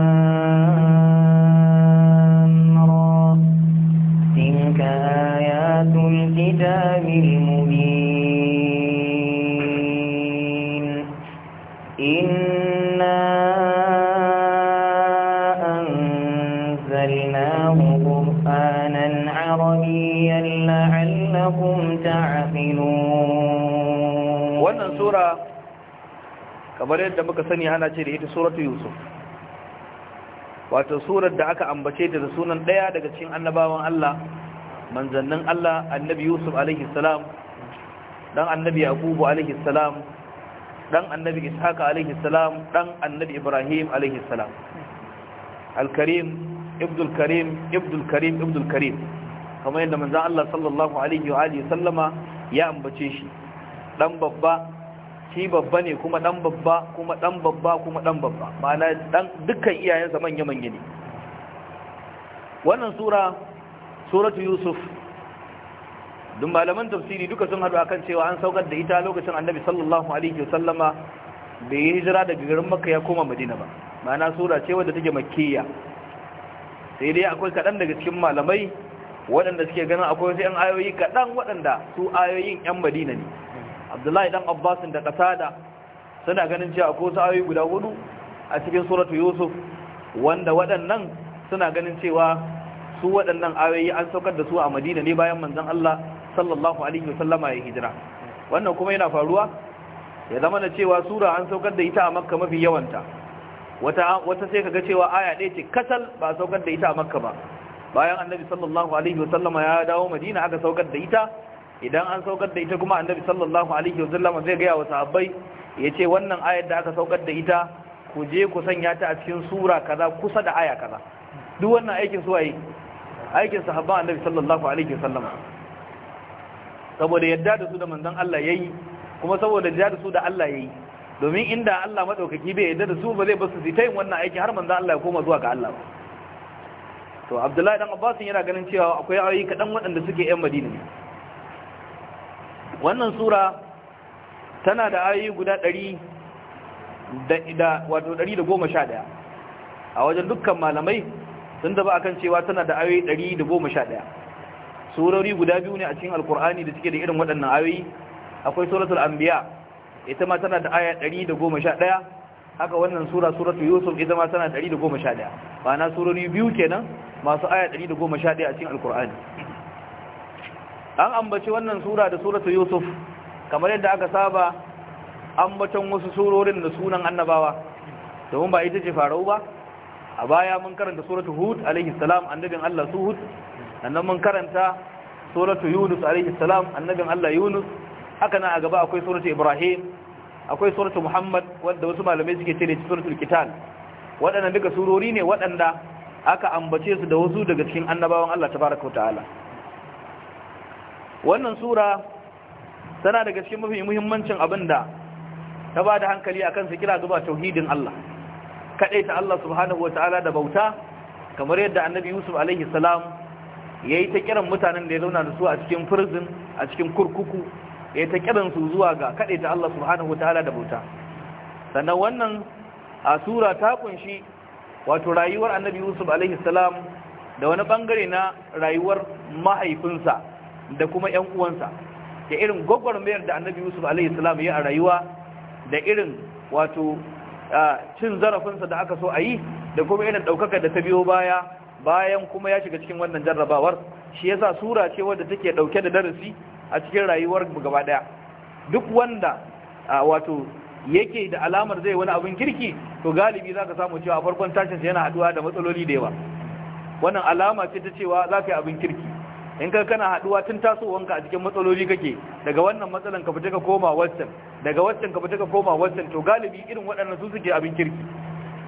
sura kamar yadda muka sani hana ce da ita suratu yusuf wato surar da aka ambace ta da sunan ɗaya daga cikin annabawan Allah manzannin Allah annabi yusuf alaihi salam dan annabi Yakubu alaihi salam dan annabi ishaqa alaihi salam dan annabi ibrahim alaihi salam al-karim ibdul karim ibdul karim ibdul karim kamar yadda manzon Allah sallallahu alaihi wa alihi sallama ya ambace shi dan babba shi babba ne kuma dan babba kuma dan babba kuma dan babba ma'ana dan dukkan iyayensa manya manya ne wannan sura suratu yusuf dun malaman tafsiri duka sun hadu akan cewa an saukar da ita lokacin annabi sallallahu alaihi wasallama bai yi hijira daga garin makka ya koma madina ba ma'ana sura ce wadda take makkiya sai dai akwai kaɗan daga cikin malamai waɗanda suke ganin akwai wasu 'yan ayoyi kaɗan waɗanda su ayoyin 'yan madina ne abdullahi dan abbasin da kasada suna ganin cewa ko sa'ayi guda hudu a cikin suratu yusuf wanda waɗannan suna ganin cewa su waɗannan ayoyi an saukar da su a madina ne bayan manzon Allah sallallahu alaihi wasallama ya hijira wannan kuma yana faruwa ya zama na cewa sura an saukar da ita a makka mafi yawanta wata wata sai kaga cewa aya ɗaya ce kasal ba saukar da ita a makka ba bayan annabi sallallahu alaihi wasallama ya dawo madina aka saukar da ita idan an saukar da ita kuma annabi sallallahu alaihi wasallam zai gaya wa sahabbai yace wannan ayar da aka saukar da ita ku je ku sanya ta a cikin sura kaza kusa da aya kaza duk wannan aikin su waye aikin sahabban annabi sallallahu alaihi wasallam saboda yadda da su da manzon Allah yayi kuma saboda yadda da su da Allah yayi domin inda Allah madaukaki bai yadda da su ba zai basu su yin wannan aiki har manzon Allah ya koma zuwa ga Allah to Abdullahi dan Abbas yana ganin cewa akwai ayoyi kadan waɗanda suke yan Madina ne wannan sura tana da ayoyi guda 100 da wato 111 a wajen dukkan malamai sun daba akan cewa tana da ayoyi 111 surori guda biyu ne a cikin alkur'ani da suke da irin waɗannan ayoyi akwai suratul anbiya ita ma tana da aya 111 haka wannan sura suratul yusuf ita ma tana da 111 ba na surori biyu kenan masu aya 111 a cikin alkur'ani an ambaci wannan sura da suratu yusuf kamar yadda aka saba ambacin wasu surorin da sunan annabawa domin ba ita ce farau ba a baya mun karanta suratu hud alaihi salam annabin allah su hud annan mun karanta suratu yunus alaihi salam annabin allah yunus haka na a gaba akwai suratu ibrahim akwai suratu muhammad wadda wasu malamai suke ce ne suratu kitan waɗannan duka surori ne waɗanda aka ambace su da wasu daga cikin annabawan allah tabaraka wa ta'ala wannan sura tana daga cikin mafi muhimmancin abin da ta ba da hankali a kansa kira zuba tauhidin Allah ta Allah subhanahu wata'ala da bauta kamar yadda annabi yusuf alaihi salam ya yi ta kiran mutanen da ya zauna da su a cikin prison a cikin kurkuku ya ta kiran su zuwa ga ta Allah subhanahu wata'ala da bauta sannan wannan a sura ta kunshi wato rayuwar annabi yusuf alaihi salam da wani bangare na rayuwar mahaifinsa da kuma ‘yan uwansa da irin gwagwarmayar da annabi yusuf alaihissalam ya a rayuwa da irin wato cin zarafinsa da aka so a yi da kuma irin ɗaukakar da ta biyo baya bayan kuma ya shiga cikin wannan jarrabawar shi yasa sura ce wadda take ɗauke da darasi a cikin rayuwar gaba ɗaya duk wanda wato yake da alamar zai wani abin kirki to galibi za ka samu cewa farkon tashinsa yana haduwa da matsaloli da yawa wannan alama ce ta cewa za ka yi abin kirki in ka kana haduwa tun tasowanka a cikin matsaloli kake daga wannan matsalan ka fita ka koma wancan daga wancan ka fita ka koma wancan to galibi irin waɗannan su suke abin kirki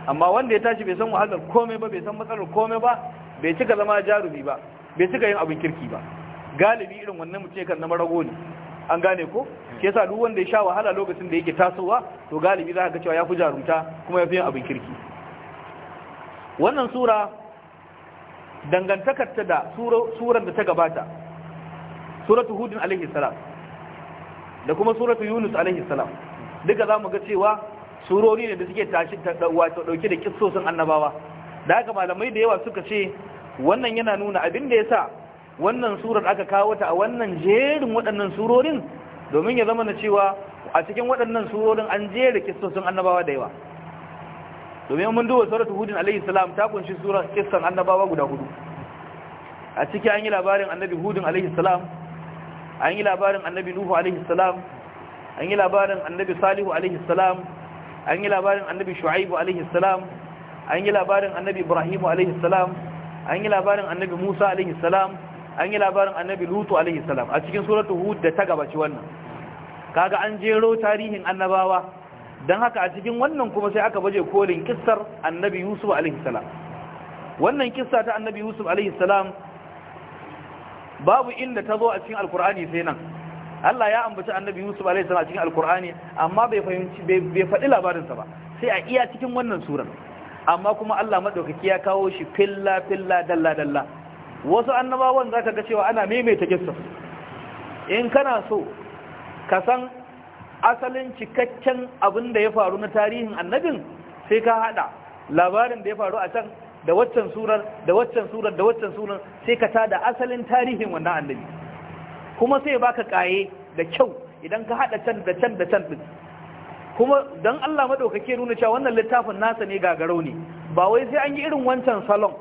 amma wanda ya tashi bai san wahalar komai ba bai san matsalar komai ba bai cika zama jarumi ba bai cika yin abin kirki ba galibi irin wannan mutum kan zama rago ne an gane ko ke yasa duk wanda ya sha wahala lokacin da yake tasowa to galibi za ka ga cewa ya fi jarumta kuma ya fi yin abin kirki wannan sura dangantakar ta da suran da ta gabata suratu hudun alaihi salam da kuma suratu yunus alaihi salam duka za mu ga cewa surori ne da suke tashi wato dauke da kissosin annabawa da haka malamai da yawa suka ce wannan yana nuna abin da yasa wannan surar aka kawo ta a wannan jerin waɗannan surorin domin ya zama na cewa a cikin waɗannan surorin an jera kissosin annabawa da yawa domin mun duba suratul hudin alaihi salam ta kunshi sura kissan annabawa guda hudu a cikin an yi labarin annabi hudin alaihi salam an yi labarin annabi nuhu alaihi salam an yi labarin annabi salihu alaihi salam an yi labarin annabi shu'aibu alaihi salam an yi labarin annabi ibrahimu alaihi salam an yi labarin annabi musa alaihi salam an yi labarin annabi lutu alaihi salam a cikin suratul hud da ta gabaci wannan kaga an jero tarihin annabawa don haka a cikin wannan kuma sai aka baje kolin kissar annabi yusuf alaihissalam wannan kissa ta annabi yusuf alaihissalam babu inda ta zo a cikin alkur'ani sai nan Allah ya ambaci annabi yusuf alaihissalam a cikin alkur'ani amma bai faɗi labarinsa ba sai a iya cikin wannan suran amma kuma Allah maɗaukaki ya kawo shi filla filla dalla dalla wasu annabawan za ka ga cewa ana maimaita kissar in kana so ka san asalin cikakken abin da ya faru na tarihin annabin sai ka hada labarin da ya faru a can da waccan surar da waccan surar da waccan surar sai ka tada asalin tarihin wannan annabi kuma sai baka kaye da kyau idan ka hada can da can da can kuma dan Allah madaukake nuna cewa wannan littafin nasa ne gagarau ne ba wai sai an yi irin wancan salon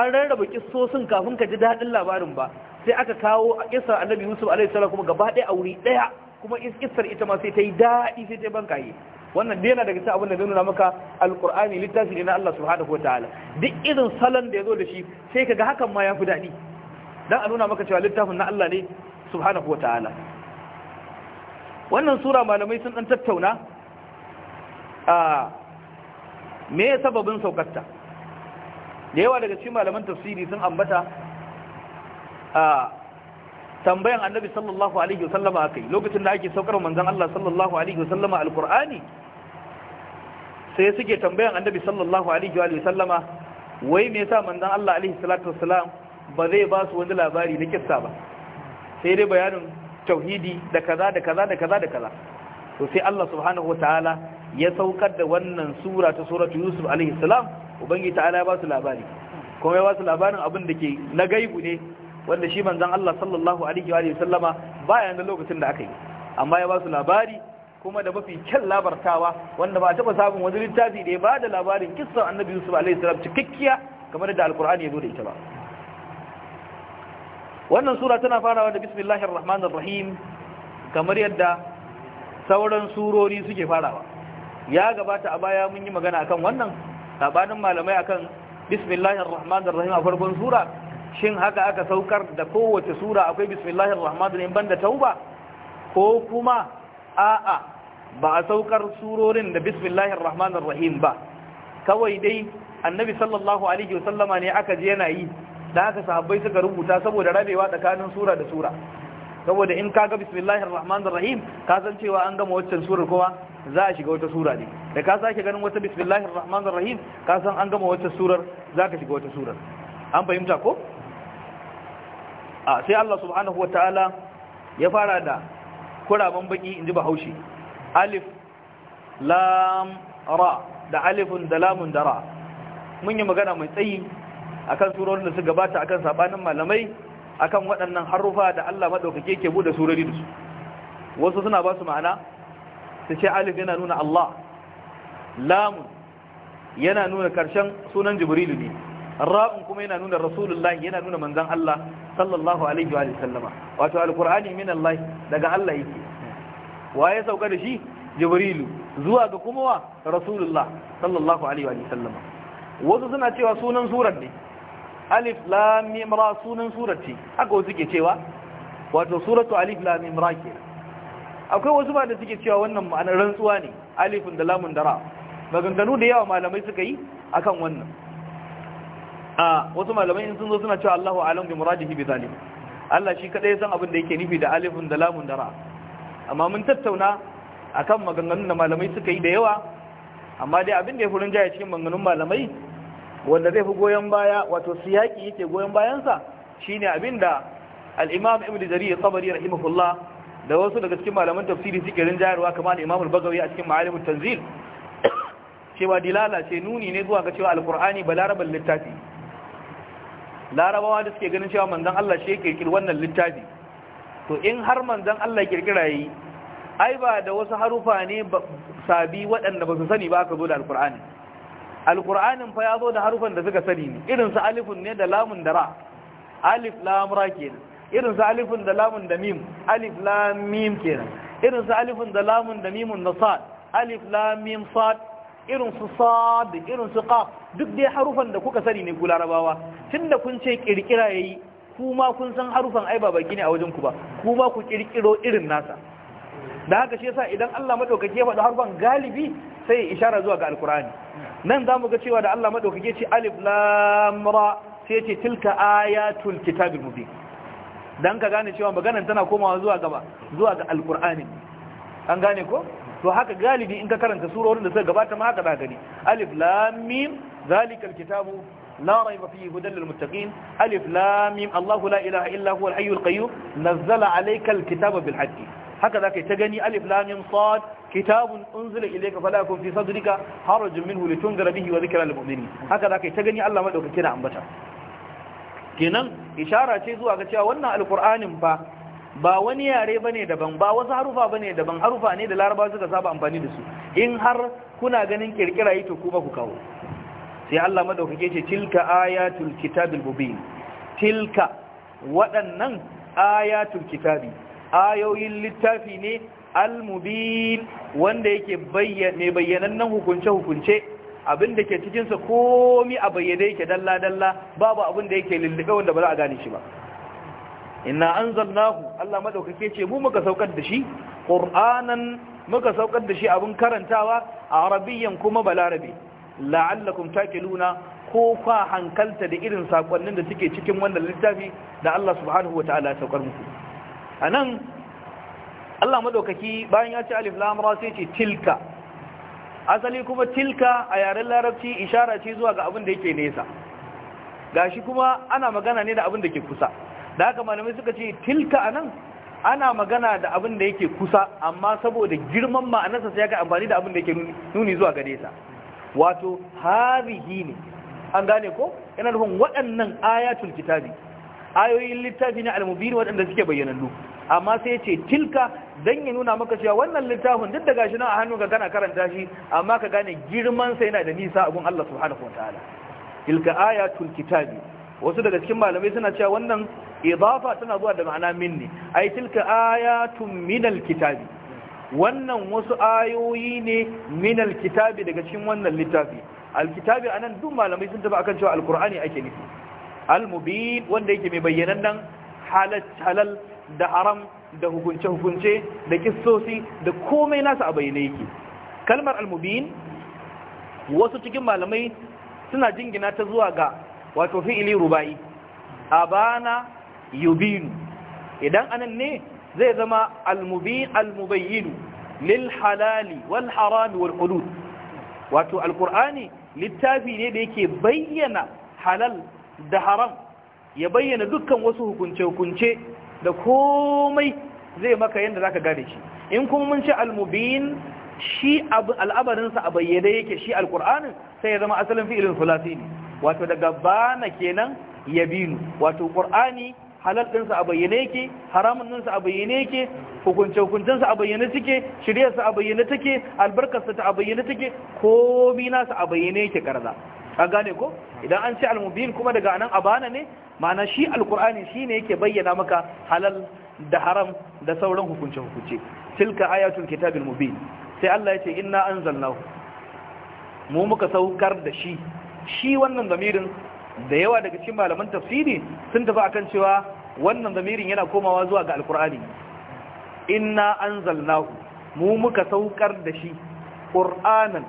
an rarraba kissosin kafin ka ji daɗin labarin ba sai aka kawo a kisar annabi Yusuf alaihi salam kuma gaba ɗaya a wuri ɗaya kuma iskistar ita ma sai ta yi daɗi sai ta yi bankaye wannan da yana daga abin da zai nuna maka alkur'ani littafi ne na Allah subhanahu ta'ala duk irin salon da ya zo da shi sai kaga hakan ma ya fi daɗi don a nuna maka cewa littafin na Allah ne subhanahu ta'ala wannan sura malamai sun ɗan tattauna a me ya sababin saukarta da yawa daga cikin malaman tafsiri sun ambata a tambayan annabi sallallahu alaihi wasallama akai lokacin da ake saukar manzon Allah sallallahu alaihi wasallama alqur'ani sai suke tambayan annabi sallallahu alaihi wasallama wai me yasa manzon Allah alaihi salatu wassalam ba zai ba su wani labari na kissa ba sai dai bayanin tauhidi da kaza da kaza da kaza da kaza to sai Allah subhanahu wataala ya saukar da wannan sura ta suratu yusuf alaihi salam ubangi ta'ala ya ba su labari kuma ya ba su labarin abin da ke na gaibu ne wanda shi manzan Allah sallallahu alaihi wa sallama baya da lokacin da aka yi amma ya ba su labari kuma da mafi kyan labartawa wanda ba a taba samun wani littafi da ya ba da labarin kissan annabi yusuf alaihi salam cikakkiya kamar da alkur'ani ya zo da ita ba wannan sura tana farawa da bismillahir rahmanir rahim kamar yadda sauran surori suke farawa ya gabata a baya mun yi magana akan wannan sabanin malamai akan bismillahir rahmanir rahim a farkon sura shin haka aka saukar da kowace sura akwai bismillahir rahmanir rahim banda tauba ko kuma a'a ba a saukar surorin da bismillahir rahmanir rahim ba kawai dai annabi sallallahu alaihi wasallama ne aka je yana yi da haka sahabbai suka rubuta saboda rabewa tsakanin sura da sura saboda in kaga bismillahir rahmanir rahim ka san cewa an gama waccan surar kuma za a shiga wata sura ne da ka sake ganin wata bismillahir rahmanir rahim ka san an gama wata surar za ka shiga wata surar an fahimta ko a sai Allah subhanahu ta'ala ya fara da baƙi baki inji bahaushe alif lam ra da alifin da lamun da ra mun yi magana mai tsayi akan surorin da su gabata akan sabanin malamai akan waɗannan harufa da Allah madaukake ke buɗe surori da su wasu suna ba su ma'ana su ce alif yana nuna Allah lamun yana nuna ƙarshen sunan jibrilu ne ra'un kuma yana nuna rasulullah yana nuna manzan Allah sallallahu alaihi wa sallama wato alqur'ani min Allah daga Allah yake waye sauka da shi jibrilu zuwa ga kuma wa rasulullah sallallahu alaihi wa sallama wasu suna cewa sunan surar ne alif lam mim ra sunan surar ce haka wasu ke cewa wato suratu alif lam mim ra ke akwai wasu ba da suke cewa wannan ma'anar rantsuwa ne alifun da lamun da ra maganganu da yawa malamai suka yi akan wannan a wasu malamai in sun zo suna cewa Allahu alam bi muradihi bi zalim Allah shi kadai san abin da yake nufi da alifun da lamun da ra amma mun tattauna akan maganganun da malamai suka yi da yawa amma dai abin da ya furin jaya cikin maganganun malamai wanda zai fi goyon baya wato siyaki yake goyon bayansa shine abin da al-Imam Ibn Jarir Tabari rahimahullah da wasu daga cikin malaman tafsiri suke rinjayarwa kamar Imam al-Bagawi a cikin Ma'alimut Tanzil cewa dilala ce nuni ne zuwa ga cewa al-Qur'ani balaraban littafi larabawa da suke ganin cewa manzan Allah shi ya kirkiri wannan littafi to in har manzan Allah kirkira yi ai ba da wasu harufa ne sabi waɗanda ba su sani ba aka zo da alkur'ani alkur'anin fa ya zo da harufan da suka sani ne irin su alifun ne da lamun da ra alif lam ra kenan irin su alifun da lamun da mim alif lam mim kenan irin su alifun da lamun da mimun da sad alif lam mim sad irin su da irin su qaf duk dai harufan da kuka sani ne ku larabawa da kun ce ƙirƙira ya yi, kuma kun san harufan ai ba baki ne a wajen ku ba kuma ku ƙirƙiro irin nasa da haka shi yasa idan Allah madaukake ya faɗi harufan galibi sai ya ishara zuwa ga alkurani nan zamu ga cewa da Allah madaukake ce alif lam ra sai ce tilka ayatul kitabil mubin dan ka gane cewa maganar tana komawa zuwa gaba zuwa ga alkurani an gane ko to haka galibi in ka karanta surorin da suka gabata ma haka zagari alif lam zalikal kitabu la rayba fihi hudan lil muttaqin alif lam mim allah la ilaha illa huwa al hayy al qayyum nazzala alayka kitaba bil haqq zakai ta gani alif lam mim sad kitabun unzila ilayka fala yakun fi sadrika haraj minhu litunzira bihi wa dhikra lil mu'minin haka zakai ta gani allah zuwa ga cewa wannan alqur'anin ba ba wani yare bane daban ba wasu harufa bane daban harufa ne da laraba suka saba amfani da su in har kuna ganin kirkira yi to kuma ku kawo sai Allah madaukake ce tilka ayatul kitabil mubin tilka waɗannan ayatul kitabi ayoyin littafi ne al-mubin wanda yake bayyana bayyanannen hukunce hukunce abin da ke cikinsa komi a bayyane yake dalla dalla babu abin da yake lullube wanda ba za a gane shi ba inna anzalnahu Allah madaukake ce mu muka saukar da shi qur'anan muka saukar da shi abin karantawa a arabiyyan kuma balarabi la'allakum takiluna ko fa hankalta da irin sakonnin da suke cikin wannan littafi da Allah subhanahu wataala ya saukar muku anan Allah madaukake bayan ya ce alif lam ra sai ce tilka asali kuma tilka a yaren larabci ishara ce zuwa ga abin da yake nesa gashi kuma ana magana ne da abin da ke kusa da haka malamai suka ce tilka anan ana magana da abin da yake kusa amma saboda girman ma'anarsa sai ga amfani da abin da yake nuni zuwa gare sa wato harihi ne an gane ko yana nufin waɗannan ayatul kitabi ayoyin littafi ne al-mubin waɗanda suke bayyanannu amma sai ce tilka dan ya nuna maka cewa wannan littafin duk da gashi nan a ka kana karanta shi amma ka gane girman sa yana da nisa a gun Allah subhanahu wataala tilka ayatul kitabi wasu daga cikin malamai suna cewa wannan idafa tana zuwa da ma'ana minni ai tilka ayatun minal kitabi wannan wasu ayoyi ne minal kitabi daga cikin wannan littafi alkitabi anan duk malamai sun tafi akan cewa alqur'ani ake nufi almubin wanda yake mai nan halal da haram da hukunce hukunce da kissosi da komai nasa a bayyane yake kalmar almubin wasu cikin malamai suna jingina ta zuwa ga wato fi'ili rubai abana yubinu idan anan ne zai zama almubi almubayyinu lil halali wal harami wal hudud wato alqur'ani littafi ne da yake bayyana halal da haram ya bayyana dukkan wasu hukunce-hukunce da komai zai maka yadda zaka gane shi in kuma mun ci almubin shi al'abarinsa a bayyane yake shi alkur'anin sai ya zama asalin fi'ilin sulasi ne wato daga bana kenan ya yabinu wato qur'ani halal ɗinsa a bayyane yake haramun ɗinsa a bayyane yake hukunce sa a bayyane take shiryarsa a bayyane take albarkarsa ta a bayyane take komi nasa a bayyane yake karza ka gane ko idan an ce al-mubin kuma daga nan abana ne ma'ana shi alkur'ani shi ne yake bayyana maka halal da haram da sauran hukunce-hukunce tilka ayatul kitabil mubin sai Allah ya ce inna anzalnahu mu muka saukar da shi shi wannan zamirin da yawa daga cikin malaman tafsiri sun tafi akan cewa wannan zamirin yana komawa zuwa ga alkur'ani inna anzalnahu mu muka saukar da shi qur'anan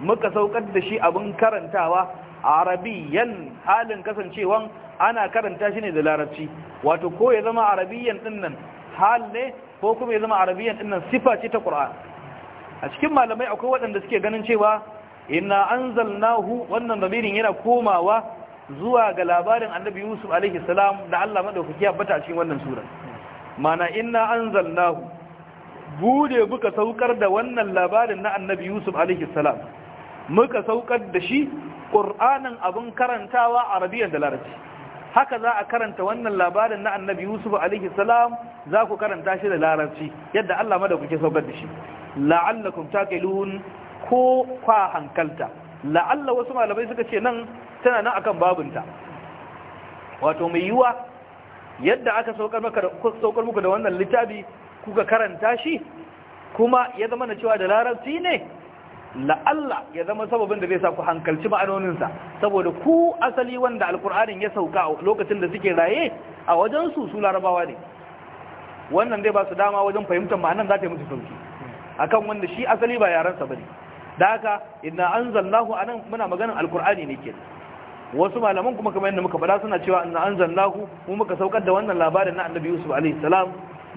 muka saukar da shi abin karantawa arabiyan halin kasancewan ana karanta shi ne da larabci wato ko ya zama arabiyan dinnan hal ne ko kuma ya zama arabiyan dinnan sifa ce ta qur'an a cikin malamai akwai waɗanda suke ganin cewa inna anzalnahu wannan damirin yana komawa zuwa ga labarin annabi yusuf alaihi salam da Allah madaukaki ya bata cikin wannan sura mana inna anzalnahu bude muka saukar da wannan labarin na annabi yusuf alaihi salam muka saukar da shi qur'anin abin karantawa arabiyan da larabci haka za a karanta wannan labarin na annabi yusuf alaihi salam za ku karanta shi da larabci yadda Allah madaukaki saukar da shi la'allakum taqilun ko kwa hankalta la'alla wasu malamai suka ce nan tana nan akan babinta wato mai yiwa yadda aka saukar muku da wannan littafi kuka karanta shi kuma ya zama na cewa da larabci ne la'alla ya zama sababin da zai sa ku hankalci ma'anoninsa saboda ku asali wanda alkur'anin ya sauka a lokacin da suke raye a wajen su su larabawa ne wannan dai ba su dama wajen fahimtar ma'anan za ta yi musu sauki akan wanda shi asali ba yaransa ba ne da haka inna a nan muna maganar alkur'ani ne kenan wasu malaman kuma kamar yadda muka faɗa suna cewa inna anzalnahu mu muka saukar da wannan labarin na annabi yusuf alaihi salam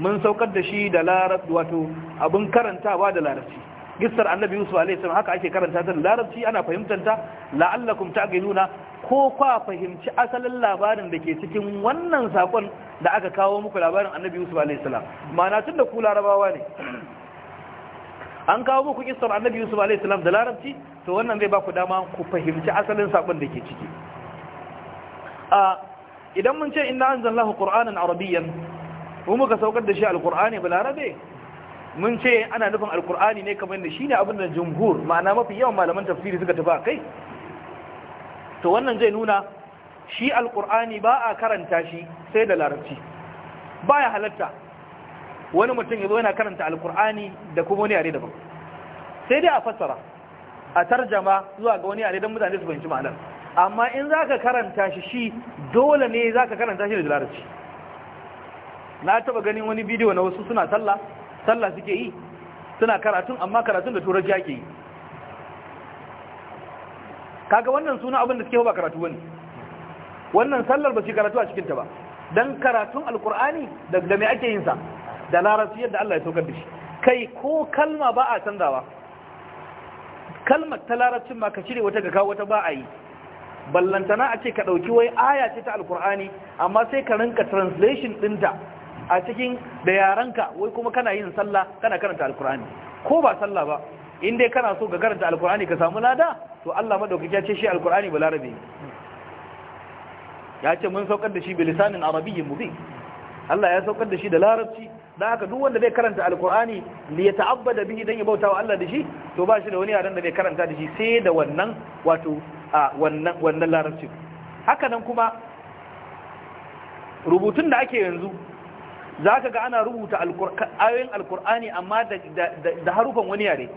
mun saukar da shi da larabci wato abin karantawa da larabci gissar annabi yusuf alaihi salam haka ake karanta ta da larabci ana fahimtar ta la'allakum ta'qiluna ko kwa fahimci asalin labarin da ke cikin wannan sakon da aka kawo muku labarin annabi yusuf alaihi salam ma'ana tunda ku larabawa ne an kawo muku kisar annabi yusuf alaihi da larabci to wannan zai ba ku dama ku fahimci asalin sabon da ke ciki a idan mun ce inna anzalallahu qur'anan arabiyyan mu muka saukar da shi alqur'ani balarabe mun ce ana nufin alqur'ani ne kamar da shine abin da jumhur ma'ana mafi yawan malaman tafsiri suka tafi kai to wannan zai nuna shi alqur'ani ba a karanta shi sai da larabci baya halatta wani mutum ya zo yana karanta alkur'ani da kuma wani yare daban sai dai a fassara a tarjama zuwa ga wani yare don mutane su fahimci ma'anar amma in za ka karanta shi shi dole ne za ka karanta shi da larabci na taba ganin wani bidiyo na wasu suna sallah sallah suke yi suna karatun amma karatun da turanci ake yi kaga wannan suna abin da suke ba karatu wani wannan sallar ba shi karatu a cikinta ba Don karatun alkur'ani da mai ake yinsa da larabci yadda Allah ya saukar da shi kai ko kalma ba a canzawa kalmar ta larabcin ma ka cire wata ga kawo wata ba a yi ballantana a ce ka ɗauki wai aya ce ta alkur'ani amma sai ka rinka translation ɗinta a cikin da yaranka wai kuma kana yin sallah kana karanta alkur'ani ko ba sallah ba in dai kana so ka karanta alkur'ani ka samu lada to Allah madaukaki ya ce shi alkur'ani ba larabe ya ce mun saukar da shi bilisanin arabiyyin mubin Allah ya saukar da shi da larabci da haka duk wanda zai karanta alkur'ani li ya ta'abbada bihi dan ya bauta wa Allah da shi to ba shi da wani yaran da zai karanta da shi sai da wannan wato a wannan wannan larabci haka nan kuma rubutun da ake yanzu zaka ga ana rubuta ayoyin alkur'ani amma da da harufan wani yare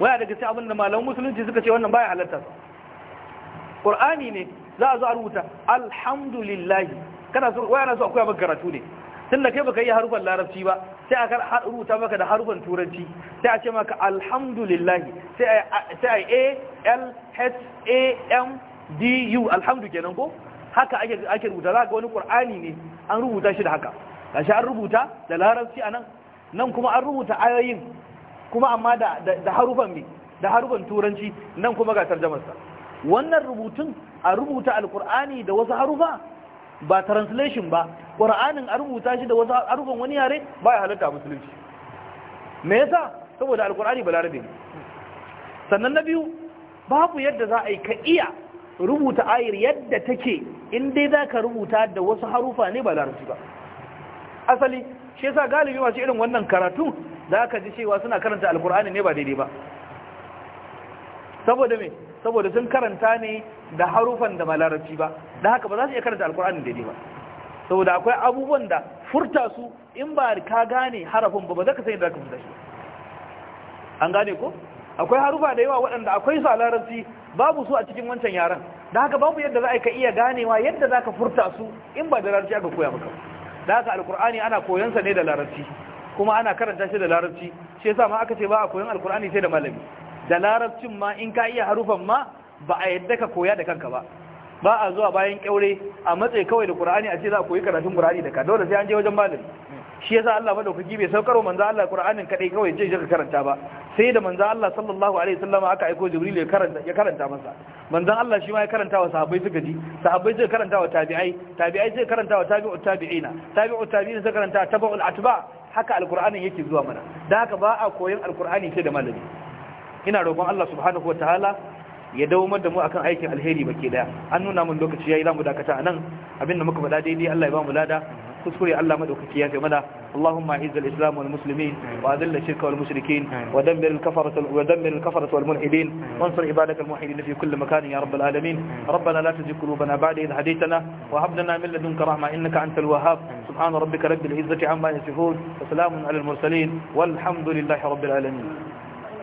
waya daga sai abin da malaman musulunci suka ce wannan baya halatta Qur'ani ne za a zo a rubuta alhamdulillah kana so waya na so akwai maka karatu ne tun da kai baka yi harufan larabci ba sai aka rubuta maka da harufan turanci sai a ce maka alhamdulillahi sai a a l h a m d u alhamdu kenan ko haka ake rubuta za ka wani kur'ani ne an rubuta shi da haka gashi an rubuta da larabci a nan kuma an rubuta ayoyin kuma amma da harufan da harufan turanci nan kuma ga tarjumarsa wannan rubutun a rubuta alkur'ani da wasu harufa ba translation ba ƙur'ani a rubuta shi da wasu harufan wani yare ba ya halatta musulunci me yasa saboda alƙur'ani balarabe sannan na biyu babu yadda za a yi ka iya rubuta ayar yadda take in dai za ka rubuta da wasu harufa ne ba larabci ba asali shi yasa galibi masu irin wannan karatu za ka ji cewa suna karanta alkur'ani ne ba daidai ba saboda me saboda sun karanta ne da harufan da malarabci ba da haka ba za su iya karanta alkur'ani daidai ba saboda akwai abubuwan da furta su in ba ka gane harafin ba ba za ka sai da ka furta shi an gane ko akwai harufa da yawa waɗanda akwai su a larabci babu su a cikin wancan yaren da haka babu yadda za a ka iya ganewa yadda za ka furta su in ba da larabci aka koya maka da haka alkur'ani ana koyansa ne da larabci kuma ana karanta shi da larabci shi yasa ma aka ce ba a koyan alkur'ani sai da malami da larabcin ma in ka iya harufan ma ba a yadda ka koya da kanka ba ba a zuwa bayan kyaure a matsayi kawai da qur'ani a ce za a koyi karatun qur'ani da ka dole sai an je wajen malami shi yasa Allah madaukaki bai saukar wa manzo Allah qur'anin kadai kawai je ka karanta ba sai da manzo Allah sallallahu alaihi wasallam aka aiko Jibril ya karanta ya karanta masa manzo Allah shi ma ya karanta wa sahabbai suka ji sahabbai suka karanta wa tabi'ai tabi'ai suka karanta wa tabi'u tabi'ina tabi'u tabi'ina suka karanta tabu'ul atba haka alqur'anin yake zuwa mana da haka ba a koyon alqur'ani sai da malami ina roƙon Allah subhanahu wa ta'ala ya dawomar da mu akan aikin alheri baki daya an nuna mun lokaci yayi zamu dakata anan abinda muka faɗa daidai Allah ya ba mu lada kuskure Allah madaukaki ya kai mana Allahumma a'izz al-islam wal muslimin wa adhill ash-shirka wal mushrikeen wa dammir al-kafara wa dammir al-kafara wal mulhidin wa ansur ibadaka al-muhidin fi kulli makan ya rabb al-alamin rabbana la tajid qulubana ba'da idh hadaytana wa hab lana min ladunka rahma innaka antal wahhab subhana rabbika rabbil izzati amma yasifun wa salamun ala al-mursalin walhamdulillahi rabbil alamin